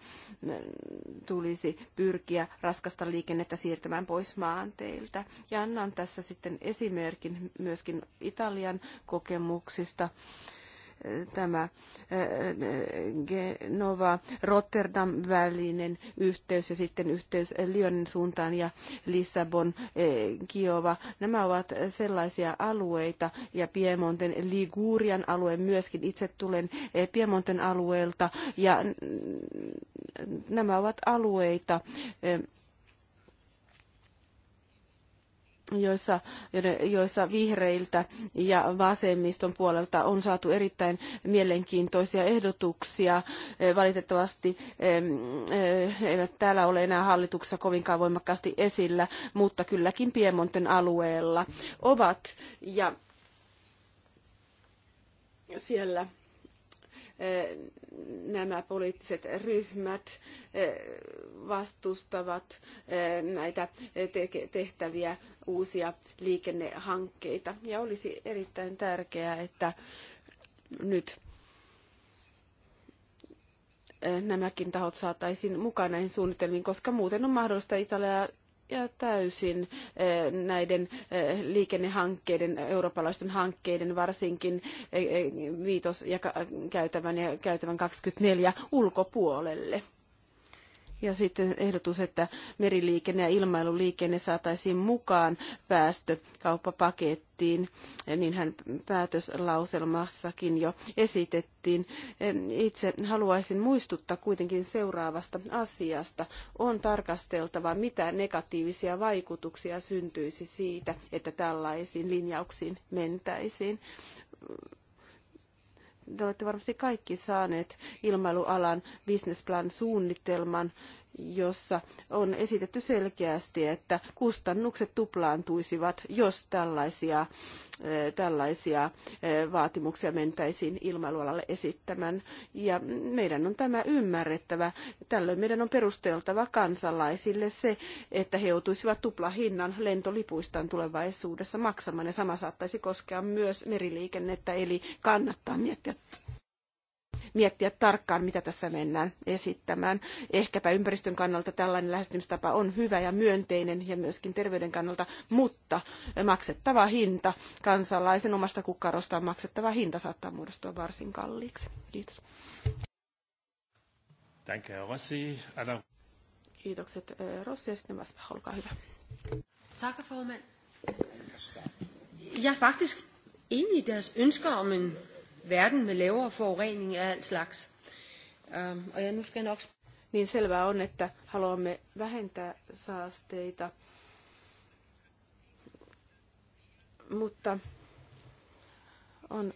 tulisi pyrkiä raskasta liikennettä siirtämään pois maanteilta. Ja annan tässä sitten esimerkin myöskin Italian kokemuksista tämä Genova-Rotterdam-välinen yhteys ja sitten yhteys Lyonin suuntaan ja Lissabon, Kiova. Nämä ovat sellaisia alueita ja Piemonten Ligurian alue myöskin. Itse tulen Piemonten alueelta ja nämä ovat alueita, joissa, joissa vihreiltä ja vasemmiston puolelta on saatu erittäin mielenkiintoisia ehdotuksia. Eh, valitettavasti eh, eivät täällä ole enää hallituksessa kovinkaan voimakkaasti esillä, mutta kylläkin Piemonten alueella ovat. Ja siellä nämä poliittiset ryhmät vastustavat näitä tehtäviä uusia liikennehankkeita. Ja olisi erittäin tärkeää, että nyt nämäkin tahot saataisiin mukaan näihin suunnitelmiin, koska muuten on mahdollista Italia ja täysin eh, näiden eh, liikennehankkeiden, eurooppalaisten hankkeiden, varsinkin eh, viitos- ja käytävän ja käytävän 24 ulkopuolelle. Ja sitten ehdotus, että meriliikenne ja ilmailuliikenne saataisiin mukaan päästökauppapakettiin, niin hän päätöslauselmassakin jo esitettiin. Itse haluaisin muistuttaa kuitenkin seuraavasta asiasta. On tarkasteltava, mitä negatiivisia vaikutuksia syntyisi siitä, että tällaisiin linjauksiin mentäisiin te olette varmasti kaikki saaneet ilmailualan businessplan suunnitelman jossa on esitetty selkeästi, että kustannukset tuplaantuisivat, jos tällaisia, tällaisia vaatimuksia mentäisiin ilmailualalle esittämään. Ja meidän on tämä ymmärrettävä. Tällöin meidän on perusteltava kansalaisille se, että he joutuisivat tuplahinnan lentolipuistaan tulevaisuudessa maksamaan. Ja sama saattaisi koskea myös meriliikennettä, eli kannattaa miettiä miettiä tarkkaan, mitä tässä mennään esittämään. Ehkäpä ympäristön kannalta tällainen lähestymistapa on hyvä ja myönteinen ja myöskin terveyden kannalta, mutta maksettava hinta, kansalaisen omasta kukkarostaan maksettava hinta saattaa muodostua varsin kalliiksi. Kiitos. Danke, Rossi. Anna. Kiitokset eh, Rossi ja sitten vasta, olkaa hyvä. Tack, formand. Jeg faktisk enig i deres ønsker om en verden med lavere forurening af alt slags. Og jeg nu skal nok... Niin selvää on, että haluamme vähentää saasteita, mutta on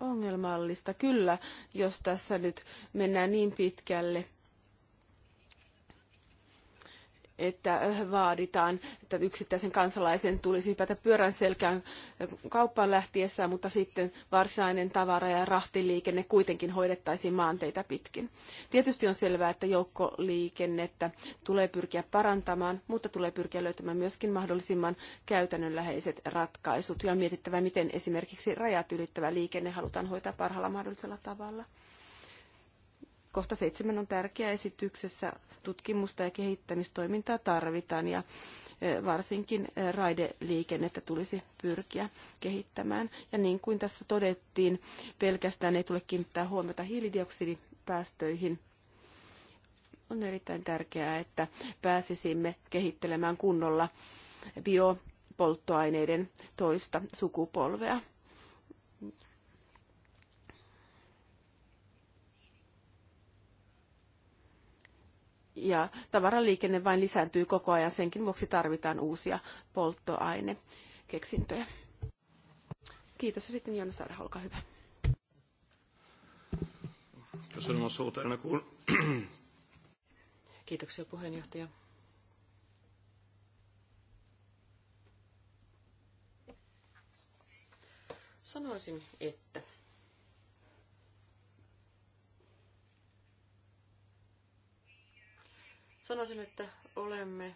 ongelmallista kyllä, jos tässä nyt mennään niin pitkälle, että äh, vaaditaan, että yksittäisen kansalaisen tulisi hypätä pyörän selkään äh, kauppaan lähtiessään, mutta sitten varsinainen tavara- ja rahtiliikenne kuitenkin hoidettaisiin maanteita pitkin. Tietysti on selvää, että joukkoliikennettä tulee pyrkiä parantamaan, mutta tulee pyrkiä löytämään myöskin mahdollisimman käytännönläheiset ratkaisut ja on mietittävä, miten esimerkiksi rajat ylittävä liikenne halutaan hoitaa parhaalla mahdollisella tavalla kohta seitsemän on tärkeä esityksessä. Tutkimusta ja kehittämistoimintaa tarvitaan ja e, varsinkin e, raideliikennettä tulisi pyrkiä kehittämään. Ja niin kuin tässä todettiin, pelkästään ei tule kiinnittää huomiota hiilidioksidipäästöihin. On erittäin tärkeää, että pääsisimme kehittelemään kunnolla biopolttoaineiden toista sukupolvea ja tavaraliikenne vain lisääntyy koko ajan. Senkin vuoksi tarvitaan uusia polttoainekeksintöjä. Kiitos ja sitten Joona Saara, olkaa hyvä. Kiitoksia puheenjohtaja. Sanoisin, että Sanoisin, että olemme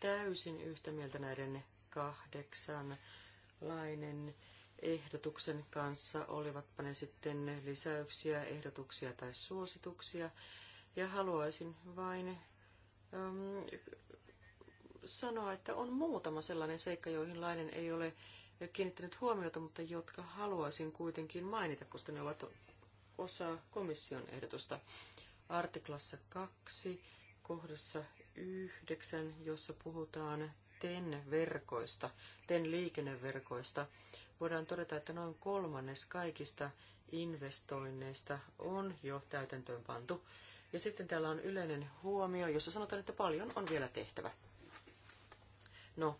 täysin yhtä mieltä näiden kahdeksan lainen ehdotuksen kanssa, olivatpa ne sitten lisäyksiä, ehdotuksia tai suosituksia. Ja haluaisin vain äm, sanoa, että on muutama sellainen seikka, joihin lainen ei ole kiinnittänyt huomiota, mutta jotka haluaisin kuitenkin mainita, koska ne ovat osa komission ehdotusta. Artiklassa 2 kohdassa yhdeksän, jossa puhutaan TEN-verkoista, TEN-liikenneverkoista, voidaan todeta, että noin kolmannes kaikista investoinneista on jo täytäntöön pantu. Ja sitten täällä on yleinen huomio, jossa sanotaan, että paljon on vielä tehtävä. No,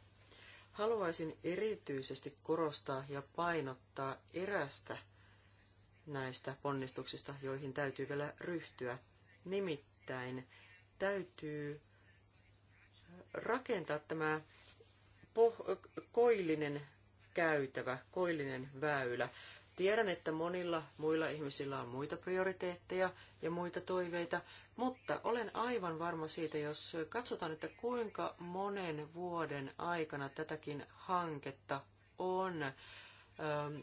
haluaisin erityisesti korostaa ja painottaa erästä näistä ponnistuksista, joihin täytyy vielä ryhtyä, nimittäin täytyy rakentaa tämä koillinen käytävä, koillinen väylä. Tiedän, että monilla muilla ihmisillä on muita prioriteetteja ja muita toiveita, mutta olen aivan varma siitä, jos katsotaan, että kuinka monen vuoden aikana tätäkin hanketta on ähm,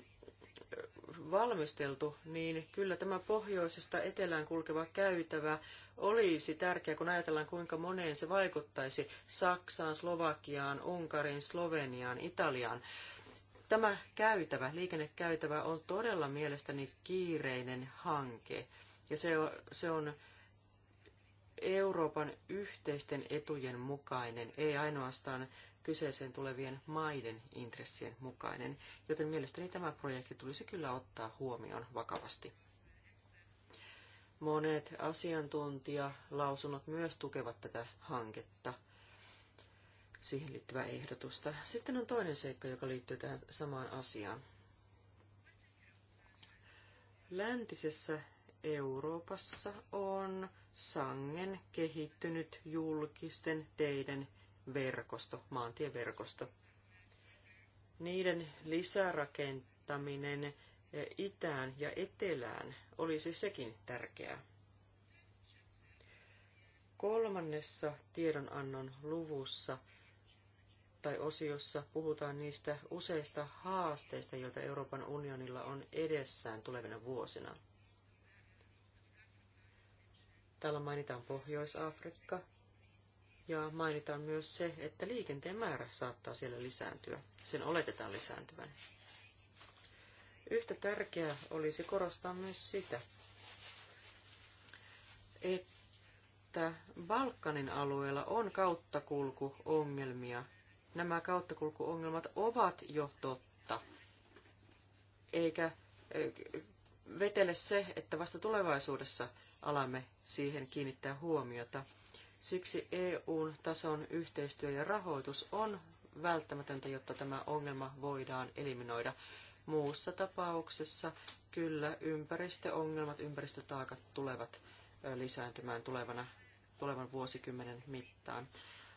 valmisteltu, niin kyllä tämä pohjoisesta etelään kulkeva käytävä olisi tärkeä, kun ajatellaan kuinka moneen se vaikuttaisi Saksaan, Slovakiaan, Unkariin, Sloveniaan, Italiaan. Tämä käytävä, liikennekäytävä on todella mielestäni kiireinen hanke ja se on, se on Euroopan yhteisten etujen mukainen, ei ainoastaan kyseeseen tulevien maiden intressien mukainen, joten mielestäni tämä projekti tulisi kyllä ottaa huomioon vakavasti. Monet asiantuntijalausunnot myös tukevat tätä hanketta, siihen liittyvää ehdotusta. Sitten on toinen seikka, joka liittyy tähän samaan asiaan. Läntisessä Euroopassa on sangen kehittynyt julkisten teiden verkosto, maantieverkosto. Niiden lisärakentaminen e, itään ja etelään olisi sekin tärkeää. Kolmannessa tiedonannon luvussa tai osiossa puhutaan niistä useista haasteista, joita Euroopan unionilla on edessään tulevina vuosina. Täällä mainitaan Pohjois-Afrikka, ja mainitaan myös se, että liikenteen määrä saattaa siellä lisääntyä. Sen oletetaan lisääntyvän. Yhtä tärkeää olisi korostaa myös sitä, että Balkanin alueella on kauttakulkuongelmia. Nämä kauttakulkuongelmat ovat jo totta. Eikä eh, vetele se, että vasta tulevaisuudessa alamme siihen kiinnittää huomiota – Siksi EUn tason yhteistyö ja rahoitus on välttämätöntä, jotta tämä ongelma voidaan eliminoida. Muussa tapauksessa kyllä ympäristöongelmat, ympäristötaakat tulevat lisääntymään tulevana, tulevan vuosikymmenen mittaan.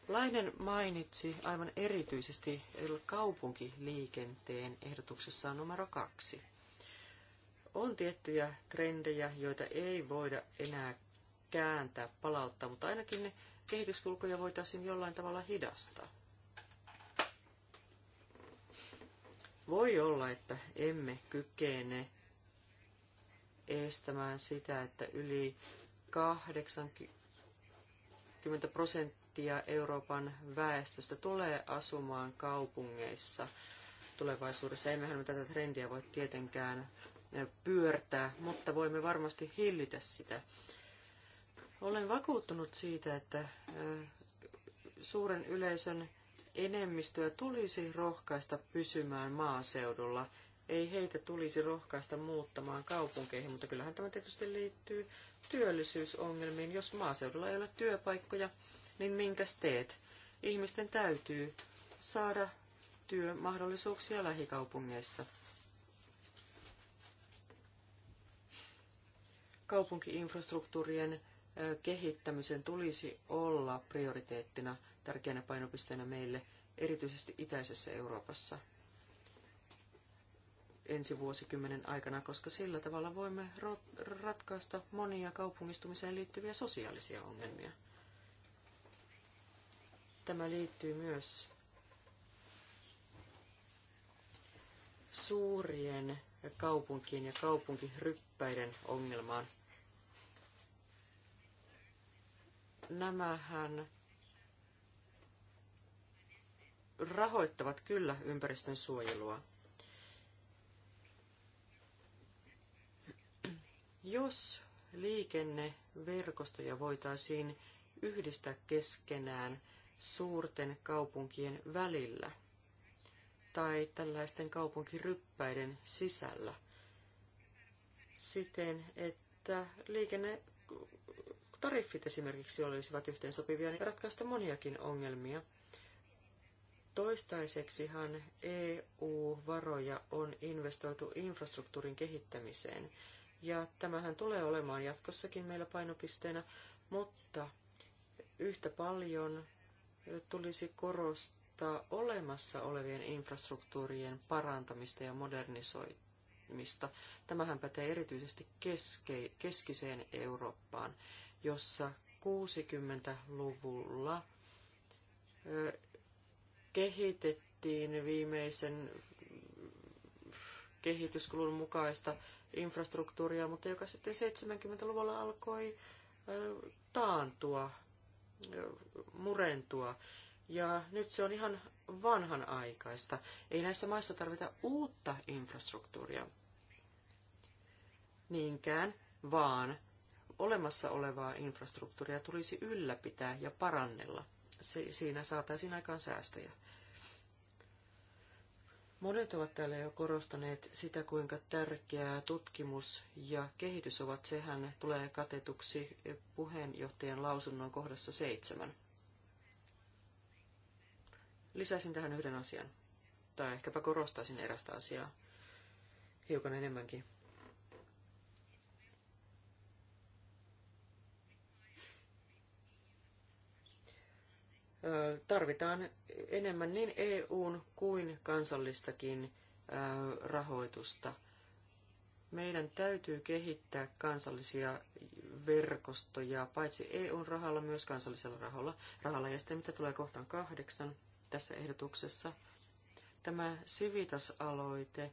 Lainen mainitsi aivan erityisesti kaupunkiliikenteen ehdotuksessaan numero kaksi. On tiettyjä trendejä, joita ei voida enää kääntää, palauttaa, mutta ainakin ne kehityskulkuja voitaisiin jollain tavalla hidastaa. Voi olla, että emme kykene estämään sitä, että yli 80 prosenttia Euroopan väestöstä tulee asumaan kaupungeissa tulevaisuudessa. Emmehän me tätä trendiä voi tietenkään pyörtää, mutta voimme varmasti hillitä sitä. Olen vakuuttunut siitä, että suuren yleisön enemmistöä tulisi rohkaista pysymään maaseudulla. Ei heitä tulisi rohkaista muuttamaan kaupunkeihin, mutta kyllähän tämä tietysti liittyy työllisyysongelmiin. Jos maaseudulla ei ole työpaikkoja, niin minkäs teet? Ihmisten täytyy saada työmahdollisuuksia lähikaupungeissa. Kaupunkiinfrastruktuurien kehittämisen tulisi olla prioriteettina tärkeänä painopisteenä meille, erityisesti itäisessä Euroopassa ensi vuosikymmenen aikana, koska sillä tavalla voimme ratkaista monia kaupungistumiseen liittyviä sosiaalisia ongelmia. Tämä liittyy myös suurien kaupunkien ja kaupunkiryppäiden ongelmaan – Nämähän rahoittavat kyllä ympäristön suojelua. Jos liikenneverkostoja voitaisiin yhdistää keskenään suurten kaupunkien välillä tai tällaisten kaupunkiryppäiden sisällä siten, että liikenne tariffit esimerkiksi olisivat yhteensopivia, niin ratkaista moniakin ongelmia. Toistaiseksihan EU-varoja on investoitu infrastruktuurin kehittämiseen, ja tämähän tulee olemaan jatkossakin meillä painopisteenä, mutta yhtä paljon tulisi korostaa olemassa olevien infrastruktuurien parantamista ja modernisoimista. Tämähän pätee erityisesti keskiseen Eurooppaan jossa 60-luvulla kehitettiin viimeisen kehityskulun mukaista infrastruktuuria, mutta joka sitten 70-luvulla alkoi taantua, murentua. Ja nyt se on ihan vanhanaikaista. Ei näissä maissa tarvita uutta infrastruktuuria niinkään, vaan olemassa olevaa infrastruktuuria tulisi ylläpitää ja parannella. Se, siinä saataisiin aikaan säästöjä. Monet ovat täällä jo korostaneet sitä, kuinka tärkeää tutkimus ja kehitys ovat. Sehän tulee katetuksi puheenjohtajan lausunnon kohdassa seitsemän. Lisäisin tähän yhden asian, tai ehkäpä korostaisin erästä asiaa hiukan enemmänkin. tarvitaan enemmän niin EUn kuin kansallistakin rahoitusta. Meidän täytyy kehittää kansallisia verkostoja, paitsi EUn rahalla, myös kansallisella rahalla. rahalla. Ja sitten mitä tulee kohtaan kahdeksan tässä ehdotuksessa, tämä Sivitas-aloite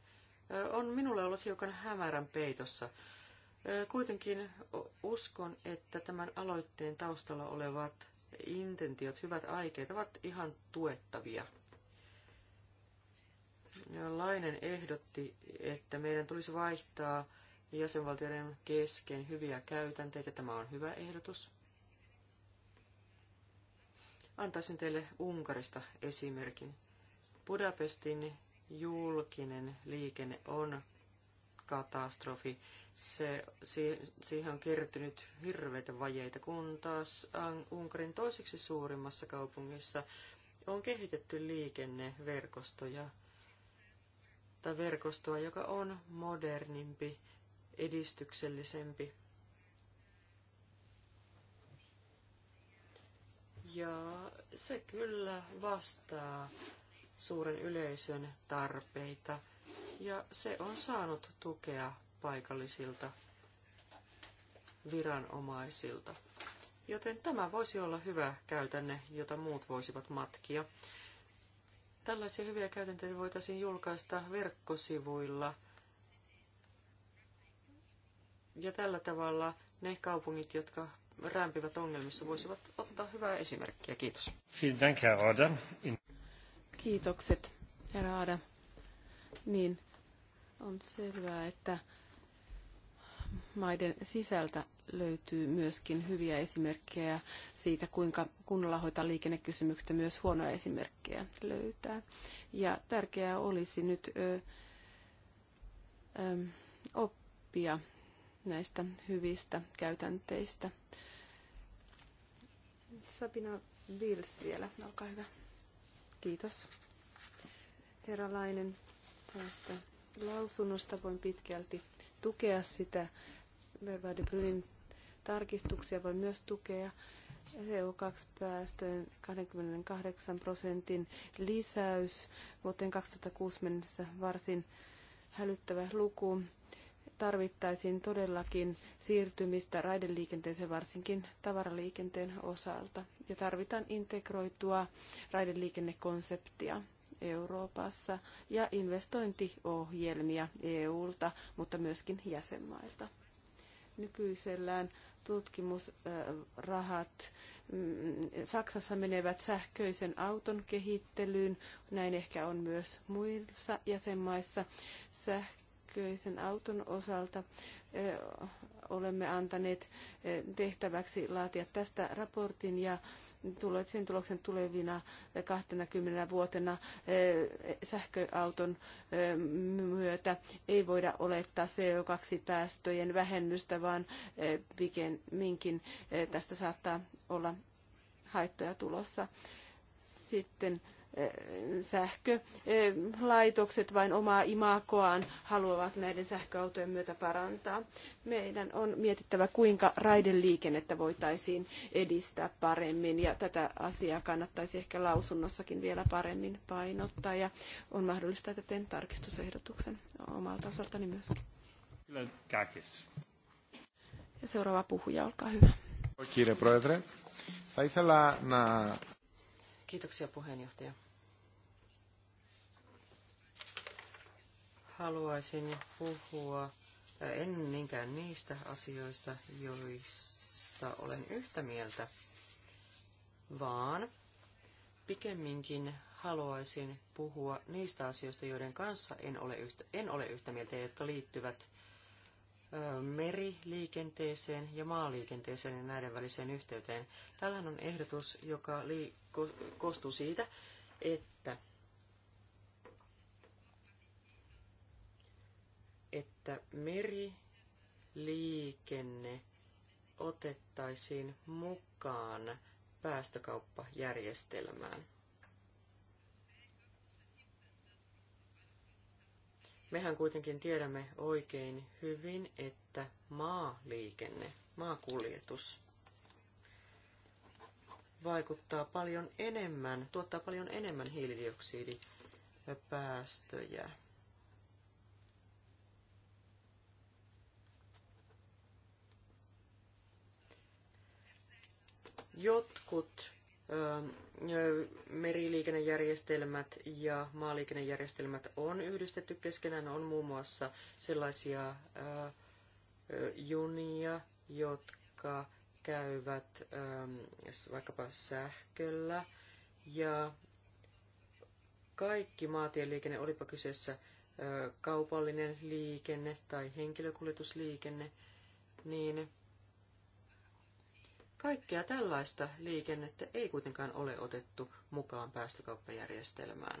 on minulle ollut hiukan hämärän peitossa. Kuitenkin uskon, että tämän aloitteen taustalla olevat intentiot, hyvät aikeet ovat ihan tuettavia. Lainen ehdotti, että meidän tulisi vaihtaa jäsenvaltioiden kesken hyviä käytänteitä. Tämä on hyvä ehdotus. Antaisin teille Unkarista esimerkin. Budapestin julkinen liikenne on katastrofi. Se, siihen on kertynyt hirveitä vajeita, kun taas Unkarin toiseksi suurimmassa kaupungissa on kehitetty liikenneverkostoja tai verkostoa, joka on modernimpi, edistyksellisempi. Ja se kyllä vastaa suuren yleisön tarpeita – ja se on saanut tukea paikallisilta viranomaisilta. Joten tämä voisi olla hyvä käytänne, jota muut voisivat matkia. Tällaisia hyviä käytänteitä voitaisiin julkaista verkkosivuilla. Ja tällä tavalla ne kaupungit, jotka rämpivät ongelmissa, voisivat ottaa hyvää esimerkkiä. Kiitos. Kiitokset, herra Aada. Niin, on selvää, että maiden sisältä löytyy myöskin hyviä esimerkkejä siitä, kuinka kunnolla hoitaa liikennekysymyksistä myös huonoja esimerkkejä löytää. Ja tärkeää olisi nyt ö, ö, oppia näistä hyvistä käytänteistä. Sabina Vils vielä, olkaa hyvä. Kiitos. Herra Lainen tästä lausunnosta. Voin pitkälti tukea sitä. Verba de tarkistuksia voi myös tukea. CO2-päästöjen 28 prosentin lisäys vuoteen 2006 mennessä varsin hälyttävä luku. Tarvittaisiin todellakin siirtymistä raideliikenteeseen varsinkin tavaraliikenteen osalta ja tarvitaan integroitua raideliikennekonseptia. Euroopassa ja investointiohjelmia EUlta, mutta myöskin jäsenmailta. Nykyisellään tutkimusrahat mm, Saksassa menevät sähköisen auton kehittelyyn, näin ehkä on myös muissa jäsenmaissa. Sähkö sähköisen auton osalta olemme antaneet tehtäväksi laatia tästä raportin ja sen tuloksen tulevina 20 vuotena sähköauton myötä ei voida olettaa CO2-päästöjen vähennystä, vaan pikemminkin tästä saattaa olla haittoja tulossa. Sitten sähkölaitokset vain omaa imakoaan haluavat näiden sähköautojen myötä parantaa. Meidän on mietittävä, kuinka raideliikennettä voitaisiin edistää paremmin ja tätä asiaa kannattaisi ehkä lausunnossakin vielä paremmin painottaa ja on mahdollista, että teen tarkistusehdotuksen omalta osaltani myöskin. Ja seuraava puhuja, olkaa hyvä. Kiire Kiitoksia puheenjohtaja. haluaisin puhua en niinkään niistä asioista, joista olen yhtä mieltä, vaan pikemminkin haluaisin puhua niistä asioista, joiden kanssa en ole yhtä, en ole yhtä mieltä, jotka liittyvät meriliikenteeseen ja maaliikenteeseen ja näiden väliseen yhteyteen. Tällainen on ehdotus, joka liik- koostuu siitä, että että meriliikenne otettaisiin mukaan päästökauppajärjestelmään. Mehän kuitenkin tiedämme oikein hyvin, että maaliikenne, maakuljetus, vaikuttaa paljon enemmän, tuottaa paljon enemmän hiilidioksidipäästöjä Jotkut meriliikennejärjestelmät ja maaliikennejärjestelmät on yhdistetty keskenään. On muun muassa sellaisia junia, jotka käyvät vaikkapa sähköllä. Ja kaikki maatieliikenne, olipa kyseessä kaupallinen liikenne tai henkilökuljetusliikenne, niin Kaikkea tällaista liikennettä ei kuitenkaan ole otettu mukaan päästökauppajärjestelmään.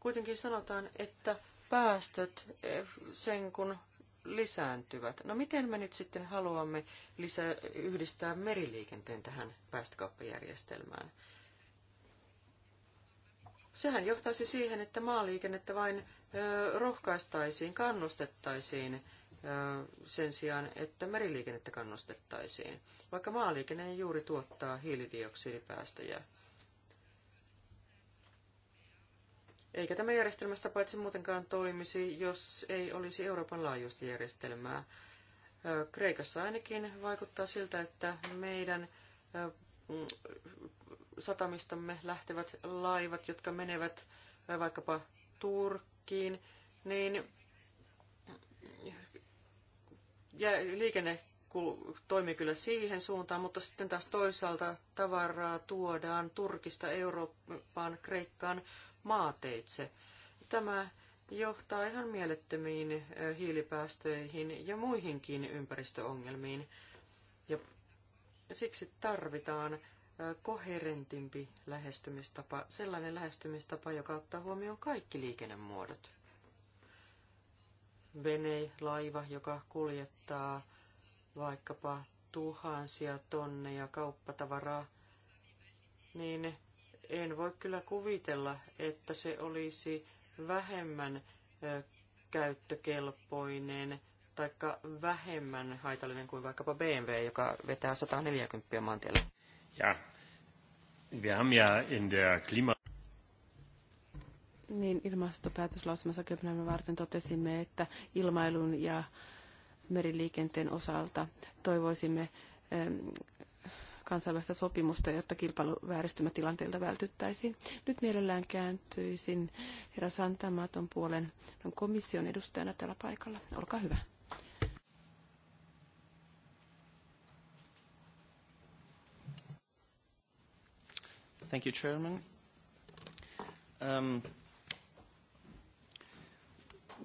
Kuitenkin sanotaan, että päästöt eh, sen kun lisääntyvät. No miten me nyt sitten haluamme lisää, yhdistää meriliikenteen tähän päästökauppajärjestelmään? Sehän johtaisi siihen, että maaliikennettä vain ö, eh, rohkaistaisiin, kannustettaisiin sen sijaan, että meriliikennettä kannustettaisiin, vaikka maaliikenne juuri tuottaa hiilidioksidipäästöjä. Eikä tämä järjestelmästä paitsi muutenkaan toimisi, jos ei olisi Euroopan laajuista järjestelmää. Kreikassa ainakin vaikuttaa siltä, että meidän satamistamme lähtevät laivat, jotka menevät vaikkapa Turkkiin, niin liikenne toimii kyllä siihen suuntaan, mutta sitten taas toisaalta tavaraa tuodaan Turkista Eurooppaan, Kreikkaan maateitse. Tämä johtaa ihan mielettömiin hiilipäästöihin ja muihinkin ympäristöongelmiin. Ja siksi tarvitaan koherentimpi lähestymistapa, sellainen lähestymistapa, joka ottaa huomioon kaikki liikennemuodot vene, laiva, joka kuljettaa vaikkapa tuhansia tonneja kauppatavaraa, niin en voi kyllä kuvitella, että se olisi vähemmän käyttökelpoinen tai vähemmän haitallinen kuin vaikkapa BMW, joka vetää 140 maantielle. Ja, wir haben ja in der Klima niin ilmastopäätöslausumassa Kööpenhaminan varten totesimme, että ilmailun ja meriliikenteen osalta toivoisimme kansainvälistä sopimusta, jotta kilpailuvääristymätilanteilta vältyttäisiin. Nyt mielellään kääntyisin herra Santamaton puolen on komission edustajana tällä paikalla. Olkaa hyvä. Thank you, Chairman. Um,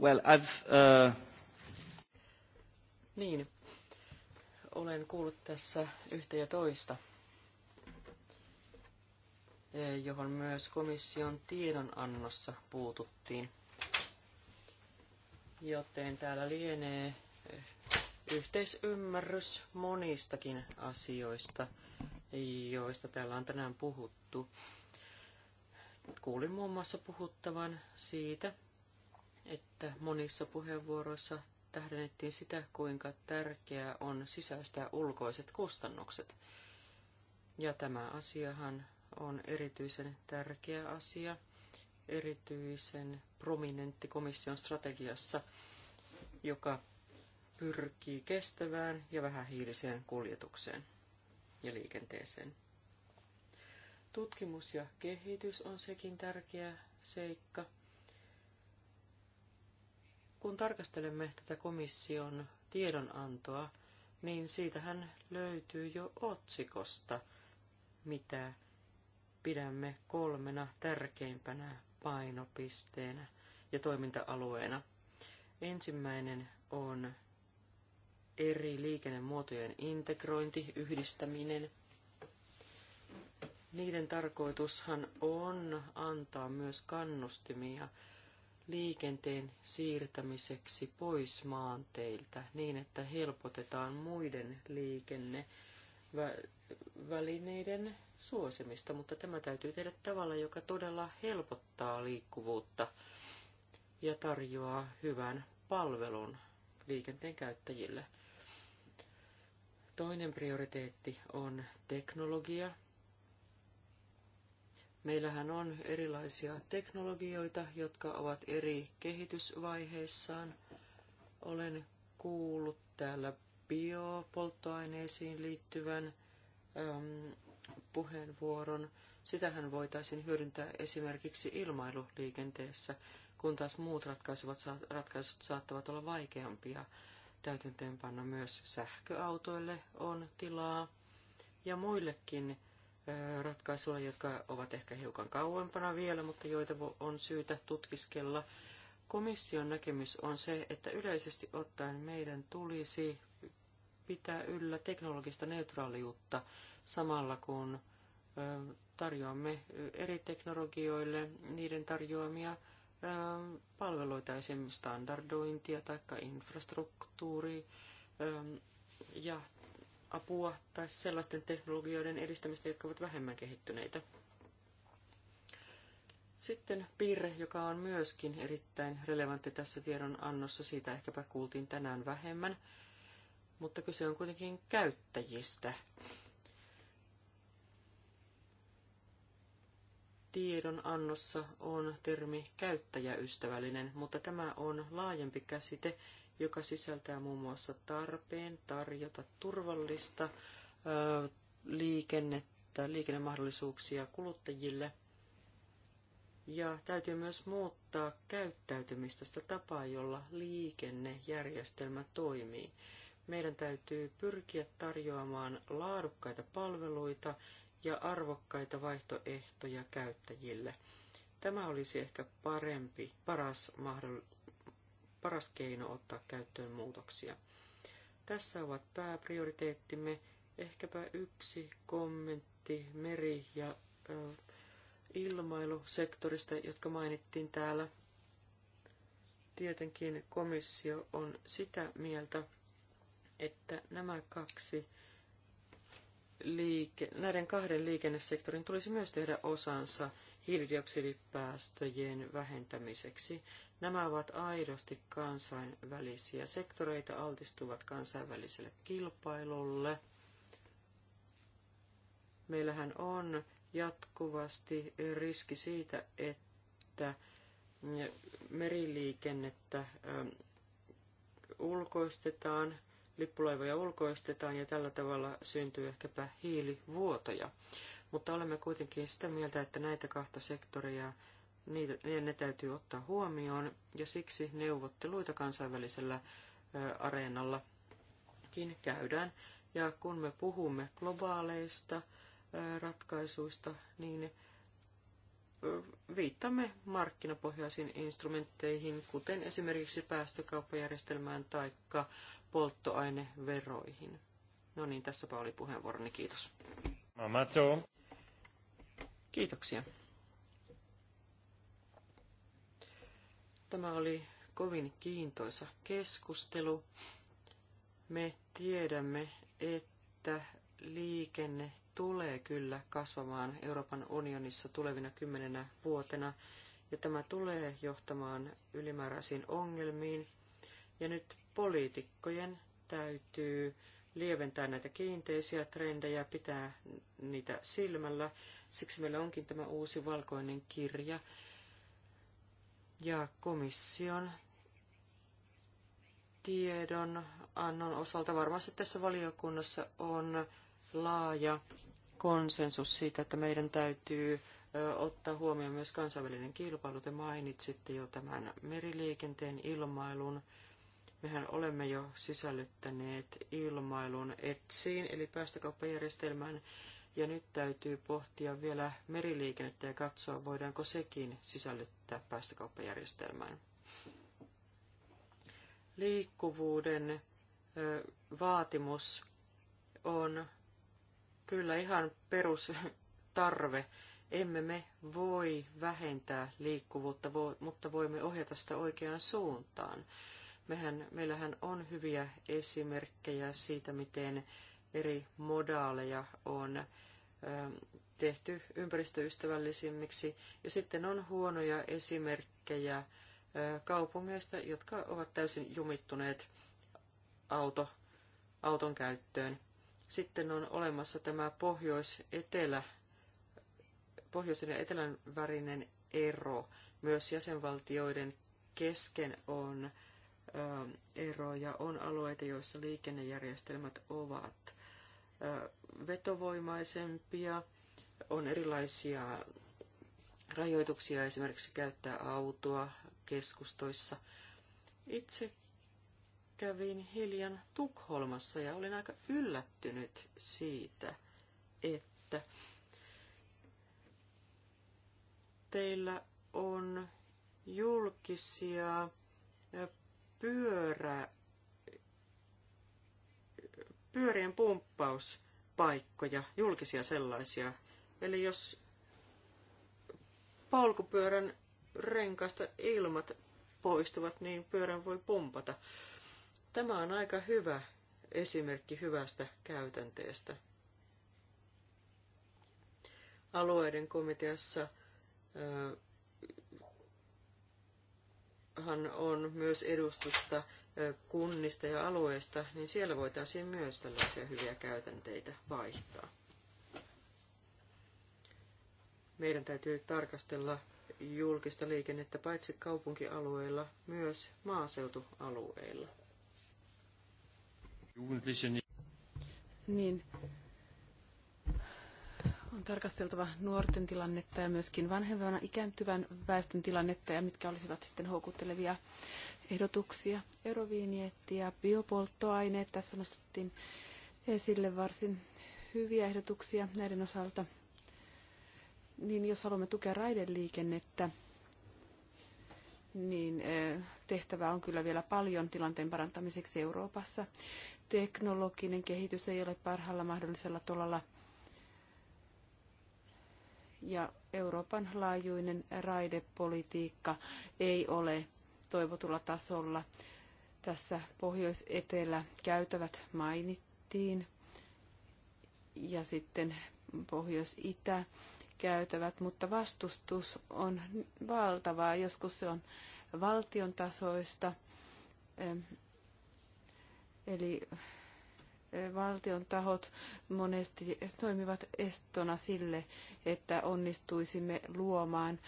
Well, I've, uh... Niin, olen kuullut tässä yhtä ja toista, eh, johon myös komission tiedonannossa puututtiin. Joten täällä lienee eh, yhteisymmärrys monistakin asioista, joista täällä on tänään puhuttu. Kuulin muun muassa puhuttavan siitä, että monissa puheenvuoroissa tähdennettiin sitä, kuinka tärkeää on sisäistää ulkoiset kustannukset. Ja tämä asiahan on erityisen tärkeä asia, erityisen prominentti komission strategiassa, joka pyrkii kestävään ja vähähiiliseen kuljetukseen ja liikenteeseen. Tutkimus ja kehitys on sekin tärkeä seikka – kun tarkastelemme tätä komission tiedonantoa, niin siitähän löytyy jo otsikosta, mitä pidämme kolmena tärkeimpänä painopisteenä ja toiminta-alueena. Ensimmäinen on eri liikennemuotojen integrointi, yhdistäminen. Niiden tarkoitushan on antaa myös kannustimia liikenteen siirtämiseksi pois maanteiltä niin, että helpotetaan muiden liikennevälineiden suosimista, mutta tämä täytyy tehdä tavalla, joka todella helpottaa liikkuvuutta ja tarjoaa hyvän palvelun liikenteen käyttäjille. Toinen prioriteetti on teknologia Meillähän on erilaisia teknologioita, jotka ovat eri kehitysvaiheissaan. Olen kuullut täällä biopolttoaineisiin liittyvän äm, puheenvuoron. Sitähän voitaisiin hyödyntää esimerkiksi ilmailuliikenteessä, kun taas muut ratkaisut, ratkaisut saattavat olla vaikeampia. Täytäntöönpanna myös sähköautoille on tilaa ja muillekin ratkaisuja, jotka ovat ehkä hiukan kauempana vielä, mutta joita on syytä tutkiskella. Komission näkemys on se, että yleisesti ottaen meidän tulisi pitää yllä teknologista neutraaliutta samalla kun tarjoamme eri teknologioille niiden tarjoamia palveluita, esimerkiksi standardointia tai infrastruktuuri ja apua tai sellaisten teknologioiden edistämistä, jotka ovat vähemmän kehittyneitä. Sitten piirre, joka on myöskin erittäin relevantti tässä tiedonannossa, siitä ehkäpä kuultiin tänään vähemmän, mutta kyse on kuitenkin käyttäjistä. Tiedonannossa on termi käyttäjäystävällinen, mutta tämä on laajempi käsite, joka sisältää muun muassa tarpeen tarjota turvallista liikennettä, liikennemahdollisuuksia kuluttajille. Ja täytyy myös muuttaa käyttäytymistä, sitä tapaa, jolla liikennejärjestelmä toimii. Meidän täytyy pyrkiä tarjoamaan laadukkaita palveluita ja arvokkaita vaihtoehtoja käyttäjille. Tämä olisi ehkä parempi, paras mahdollisuus paras keino ottaa käyttöön muutoksia. Tässä ovat pääprioriteettimme. Ehkäpä yksi kommentti meri- ja ö, ilmailusektorista, jotka mainittiin täällä. Tietenkin komissio on sitä mieltä, että nämä kaksi liike, näiden kahden liikennesektorin tulisi myös tehdä osansa hiilidioksidipäästöjen vähentämiseksi. Nämä ovat aidosti kansainvälisiä sektoreita, altistuvat kansainväliselle kilpailulle. Meillähän on jatkuvasti riski siitä, että meriliikennettä ähm, ulkoistetaan, lippulaivoja ulkoistetaan ja tällä tavalla syntyy ehkäpä hiilivuotoja. Mutta olemme kuitenkin sitä mieltä, että näitä kahta sektoria niin ne täytyy ottaa huomioon ja siksi neuvotteluita kansainvälisellä areenallakin käydään. Ja kun me puhumme globaaleista ratkaisuista, niin viittamme markkinapohjaisiin instrumentteihin, kuten esimerkiksi päästökauppajärjestelmään tai polttoaineveroihin. No niin, tässäpä oli puheenvuoroni. Kiitos. Mamato. Kiitoksia. Tämä oli kovin kiintoisa keskustelu. Me tiedämme, että liikenne tulee kyllä kasvamaan Euroopan unionissa tulevina kymmenenä vuotena, ja tämä tulee johtamaan ylimääräisiin ongelmiin. Ja nyt poliitikkojen täytyy lieventää näitä kiinteisiä trendejä, ja pitää niitä silmällä. Siksi meillä onkin tämä uusi valkoinen kirja, ja komission tiedon annon osalta varmasti tässä valiokunnassa on laaja konsensus siitä, että meidän täytyy ottaa huomioon myös kansainvälinen kilpailu. Te mainitsitte jo tämän meriliikenteen ilmailun. Mehän olemme jo sisällyttäneet ilmailun ETSiin, eli päästökauppajärjestelmään. Ja nyt täytyy pohtia vielä meriliikennettä ja katsoa, voidaanko sekin sisällyttää päästökauppajärjestelmään. Liikkuvuuden vaatimus on kyllä ihan perustarve. Emme me voi vähentää liikkuvuutta, mutta voimme ohjata sitä oikeaan suuntaan. Mehän, meillähän on hyviä esimerkkejä siitä, miten eri modaaleja on tehty ympäristöystävällisimmiksi. Ja sitten on huonoja esimerkkejä kaupungeista, jotka ovat täysin jumittuneet auto, auton käyttöön. Sitten on olemassa tämä pohjois-etelä, pohjoisen ja etelän värinen ero. Myös jäsenvaltioiden kesken on eroja, on alueita, joissa liikennejärjestelmät ovat vetovoimaisempia, on erilaisia rajoituksia esimerkiksi käyttää autoa keskustoissa. Itse kävin hiljan Tukholmassa ja olin aika yllättynyt siitä, että teillä on julkisia pyörä pyörien pumppauspaikkoja, julkisia sellaisia. Eli jos polkupyörän renkaista ilmat poistuvat, niin pyörän voi pumpata. Tämä on aika hyvä esimerkki hyvästä käytänteestä. Alueiden komiteassa hän on myös edustusta kunnista ja alueista, niin siellä voitaisiin myös tällaisia hyviä käytänteitä vaihtaa. Meidän täytyy tarkastella julkista liikennettä paitsi kaupunkialueilla, myös maaseutualueilla. Niin. On tarkasteltava nuorten tilannetta ja myöskin vanhempana ikääntyvän väestön tilannetta ja mitkä olisivat sitten houkuttelevia ehdotuksia. Eroviinietti ja biopolttoaineet. Tässä nostettiin esille varsin hyviä ehdotuksia näiden osalta. Niin jos haluamme tukea raideliikennettä, niin e, tehtävää on kyllä vielä paljon tilanteen parantamiseksi Euroopassa. Teknologinen kehitys ei ole parhaalla mahdollisella tolalla. Ja Euroopan laajuinen raidepolitiikka ei ole toivotulla tasolla. Tässä pohjois-etelä käytävät mainittiin ja sitten pohjois-itä käytävät, mutta vastustus on valtavaa. Joskus se on valtion tasoista, eli valtion tahot monesti toimivat estona sille, että onnistuisimme luomaan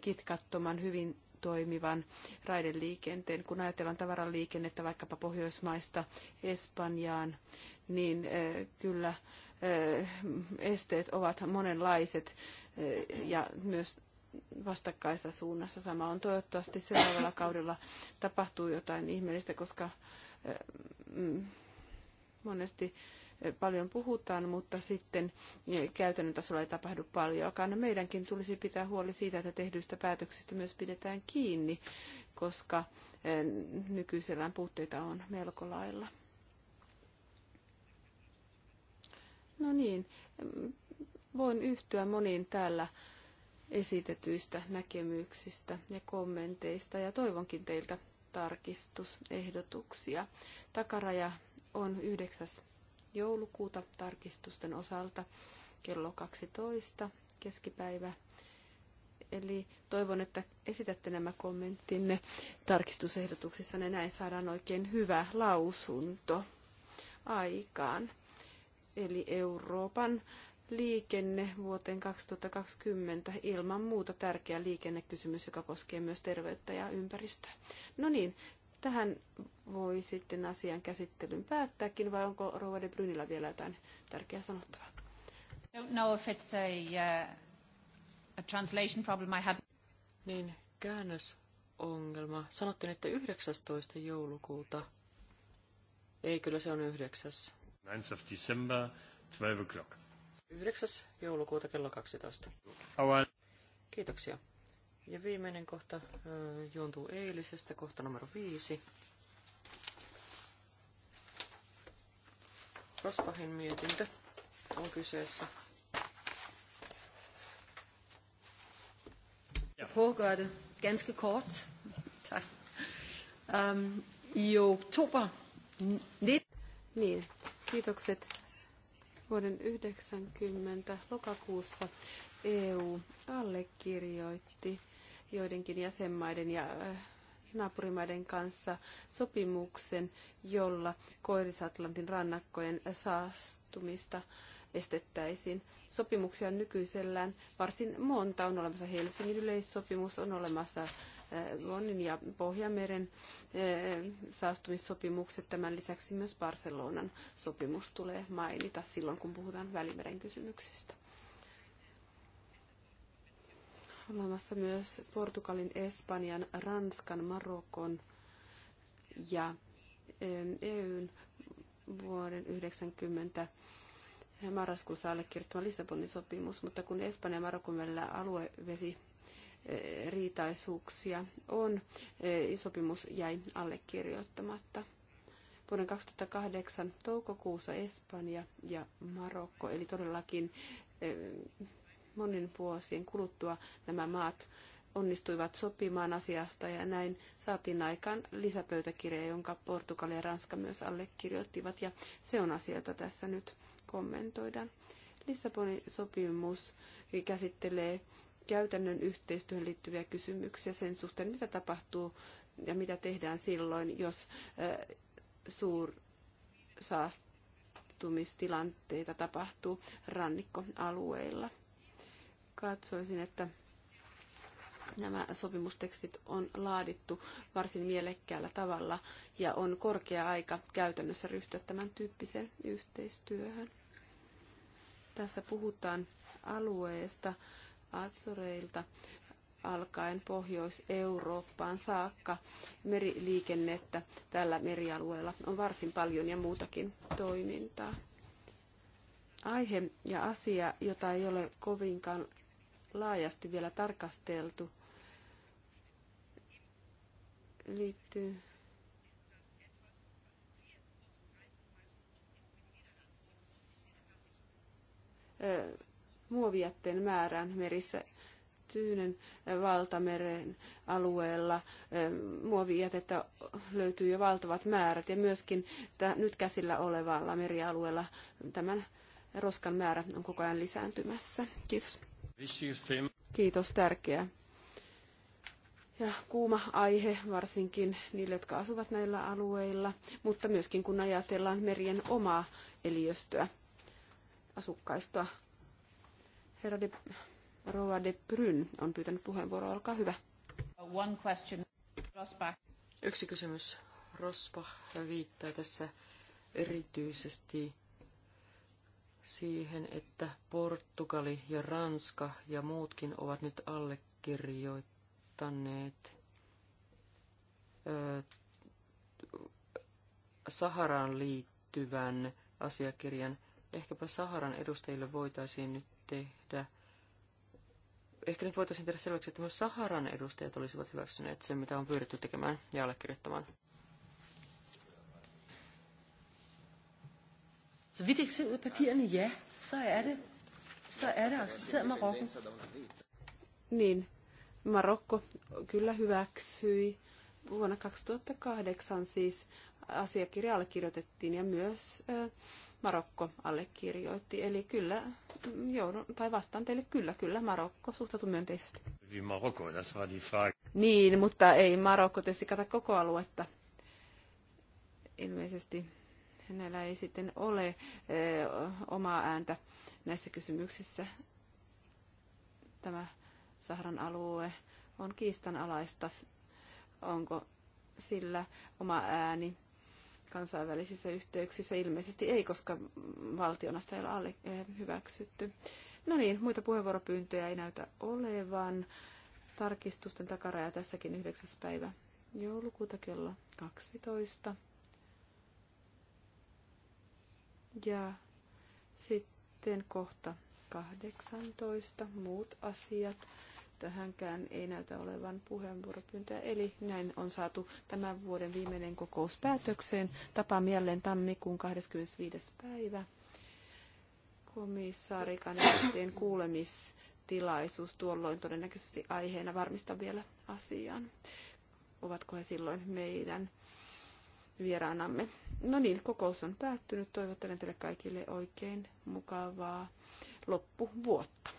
kitkattoman hyvin toimivan raideliikenteen. Kun ajatellaan liikennettä vaikkapa Pohjoismaista Espanjaan, niin eh, kyllä eh, esteet ovat monenlaiset eh, ja myös vastakkaisessa suunnassa. Sama on toivottavasti seuraavalla kaudella tapahtuu jotain ihmeellistä, koska mm, monesti paljon puhutaan, mutta sitten käytännön tasolla ei tapahdu paljonkaan. No, meidänkin tulisi pitää huoli siitä, että tehdyistä päätöksistä myös pidetään kiinni, koska eh, nykyisellään puutteita on melko lailla. No niin, voin yhtyä moniin täällä esitetyistä näkemyksistä ja kommenteista ja toivonkin teiltä tarkistusehdotuksia. Takaraja on 9 joulukuuta tarkistusten osalta kello 12 keskipäivä. Eli toivon, että esitätte nämä kommenttinne tarkistusehdotuksissa, näin saadaan oikein hyvä lausunto aikaan. Eli Euroopan liikenne vuoteen 2020 ilman muuta tärkeä liikennekysymys, joka koskee myös terveyttä ja ympäristöä. No niin, Tähän voi sitten asian käsittelyn päättääkin, vai onko Rouva de Brynillä vielä jotain tärkeää sanottavaa? Don't know if it's a, uh, a translation problem I had. Niin, käännösongelma. Sanottiin, että 19. joulukuuta. Ei, kyllä se on 9. 9. December, 12 o'clock. 9. joulukuuta kello 12. Kiitoksia. Ja viimeinen kohta juontuu eilisestä, kohta numero viisi. Rospahin mietintö on kyseessä. pågøre det ganske kort. Tak. Um, I oktober 19... Niin, kiitokset. Vuoden 90 lokakuussa EU allekirjoitti joidenkin jäsenmaiden ja äh, naapurimaiden kanssa sopimuksen, jolla Koiris-Atlantin rannakkojen saastumista estettäisiin. Sopimuksia on nykyisellään varsin monta. On olemassa Helsingin yleissopimus, on olemassa äh, Luonnin ja Pohjanmeren äh, saastumissopimukset. Tämän lisäksi myös Barcelonan sopimus tulee mainita silloin, kun puhutaan Välimeren kysymyksistä olemassa myös Portugalin, Espanjan, Ranskan, Marokon ja EUn vuoden 90 marraskuussa allekirjoittama Lissabonin sopimus, mutta kun Espanjan ja Marokon välillä aluevesi eh, riitaisuuksia on, eh, sopimus jäi allekirjoittamatta. Vuoden 2008 toukokuussa Espanja ja Marokko, eli todellakin monin vuosien kuluttua nämä maat onnistuivat sopimaan asiasta ja näin saatiin aikaan lisäpöytäkirja, jonka Portugali ja Ranska myös allekirjoittivat ja se on asia, jota tässä nyt kommentoidaan. Lissabonin sopimus käsittelee käytännön yhteistyöhön liittyviä kysymyksiä sen suhteen, mitä tapahtuu ja mitä tehdään silloin, jos suur saastumistilanteita tapahtuu rannikkoalueilla. Katsoisin, että nämä sopimustekstit on laadittu varsin mielekkäällä tavalla ja on korkea aika käytännössä ryhtyä tämän tyyppiseen yhteistyöhön. Tässä puhutaan alueesta Azoreilta alkaen Pohjois-Eurooppaan saakka. Meriliikennettä tällä merialueella on varsin paljon ja muutakin toimintaa. Aihe ja asia, jota ei ole kovinkaan laajasti vielä tarkasteltu, liittyy muovijätteen määrään merissä Tyynen valtameren alueella. Muovijätettä löytyy jo valtavat määrät ja myöskin nyt käsillä olevalla merialueella tämän roskan määrä on koko ajan lisääntymässä. Kiitos. Kiitos, tärkeä ja kuuma aihe varsinkin niille, jotka asuvat näillä alueilla, mutta myöskin kun ajatellaan merien omaa eliöstöä, asukkaistoa. Herra de, Roa de Bryn on pyytänyt puheenvuoroa, olkaa hyvä. One question. Yksi kysymys. Rosbach viittaa tässä erityisesti siihen, että Portugali ja Ranska ja muutkin ovat nyt allekirjoittaneet Saharaan liittyvän asiakirjan. Ehkäpä Saharan edustajille voitaisiin nyt tehdä, ehkä nyt voitaisiin tehdä selväksi, että myös Saharan edustajat olisivat hyväksyneet sen, mitä on pyritty tekemään ja allekirjoittamaan. Så vidt jeg ser ud af papirerne, ja, så er det, så er det accepteret Marokko. Niin, Marokko kyllä hyväksyi vuonna 2008 siis asiakirja allekirjoitettiin ja myös Marokko allekirjoitti. Eli kyllä, joudun, tai vastaan teille kyllä, kyllä Marokko suhtautui myönteisesti. Marokko, Niin, mutta ei Marokko tietysti kata koko aluetta. Ilmeisesti näillä ei sitten ole eh, omaa ääntä näissä kysymyksissä. Tämä Saharan alue on kiistanalaista, onko sillä oma ääni kansainvälisissä yhteyksissä. Ilmeisesti ei, koska valtiona sitä ei ole alle, eh, hyväksytty. No niin, muita puheenvuoropyyntöjä ei näytä olevan. Tarkistusten takaraja tässäkin 9. päivä joulukuuta kello 12. Ja sitten kohta 18 muut asiat. Tähänkään ei näytä olevan puheenvuoropyyntöä. Eli näin on saatu tämän vuoden viimeinen kokous päätökseen. Tapa mieleen tammikuun 25. päivä. Komissaari Kanisteen kuulemistilaisuus tuolloin todennäköisesti aiheena. Varmista vielä asian. Ovatko he silloin meidän vieraanamme. No niin, kokous on päättynyt. Toivottelen teille kaikille oikein mukavaa loppuvuotta.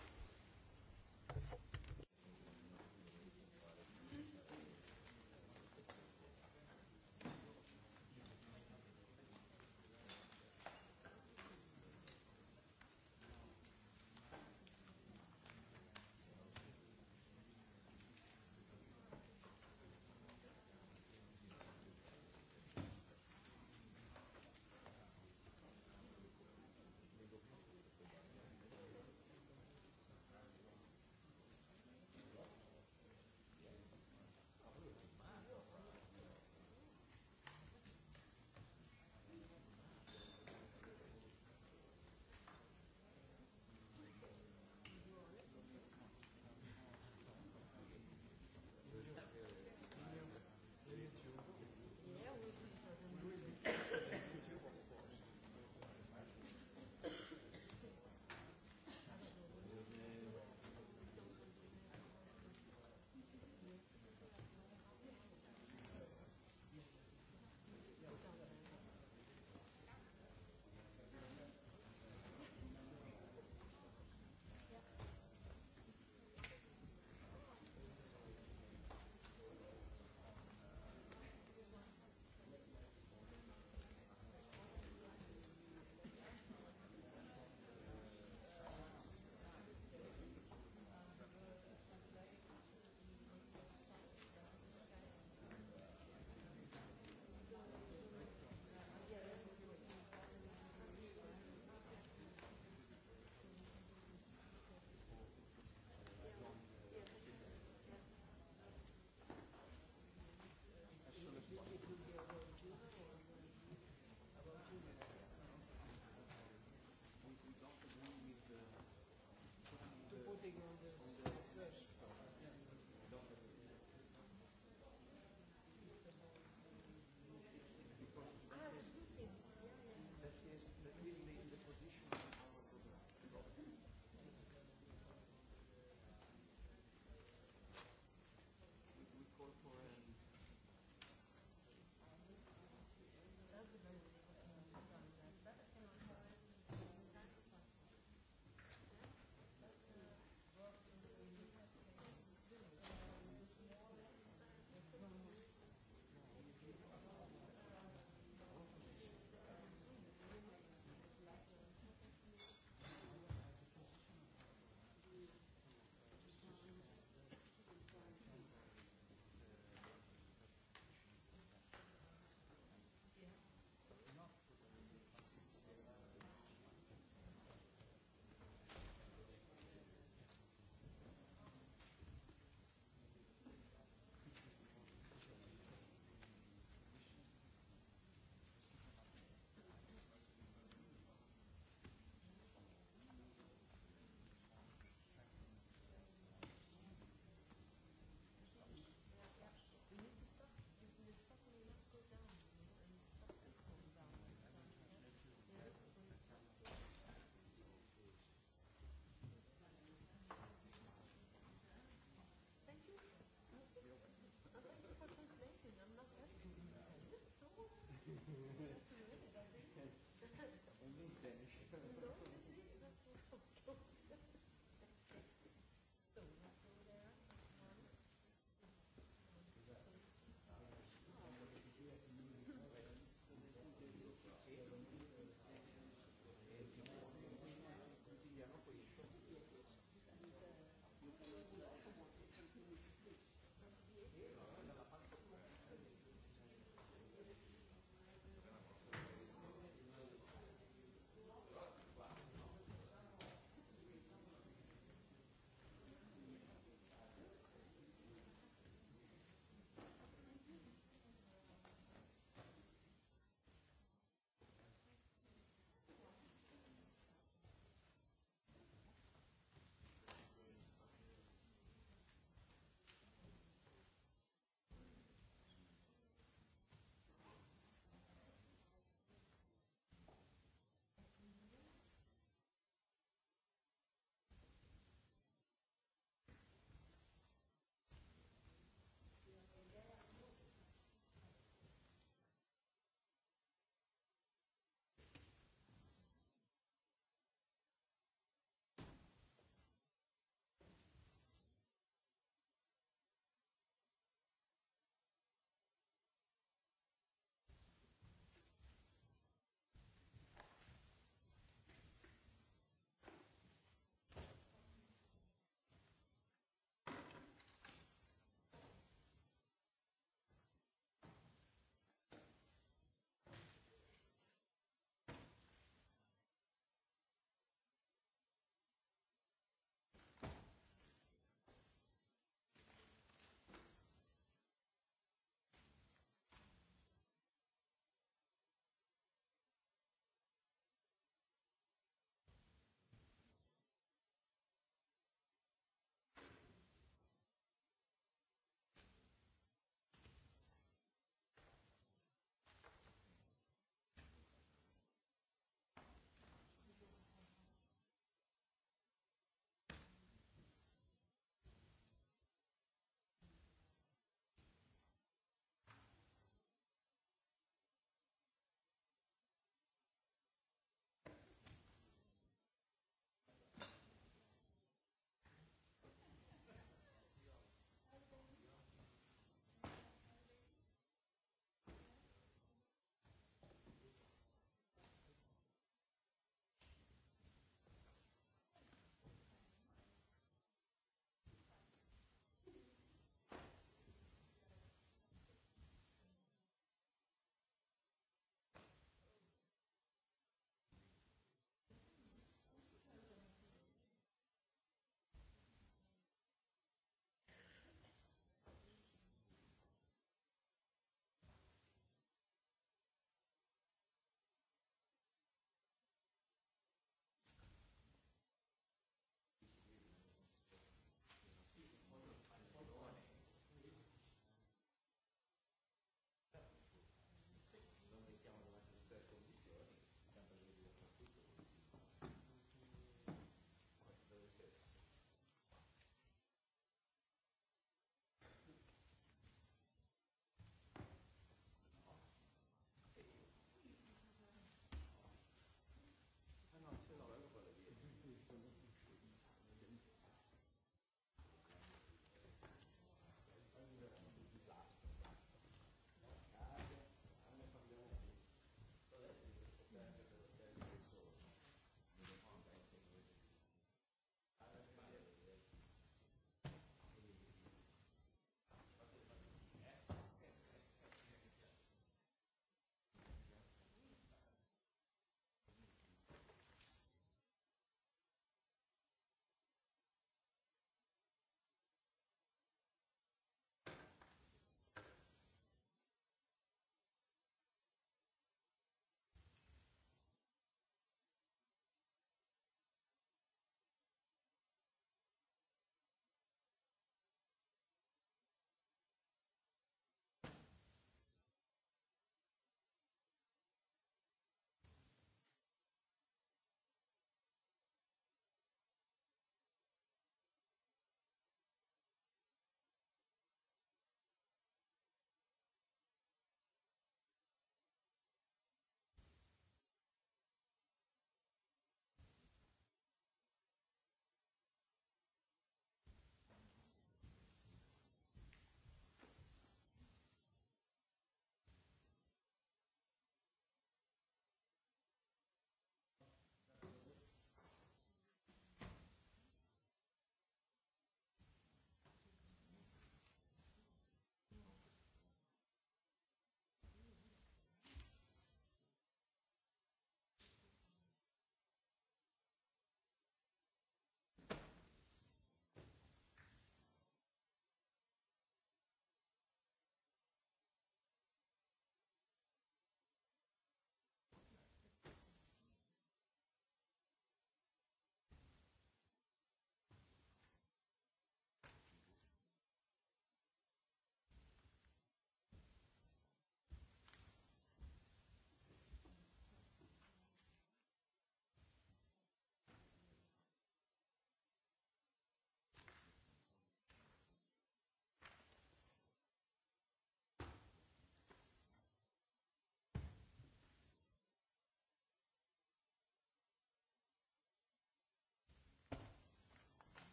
Un intenso.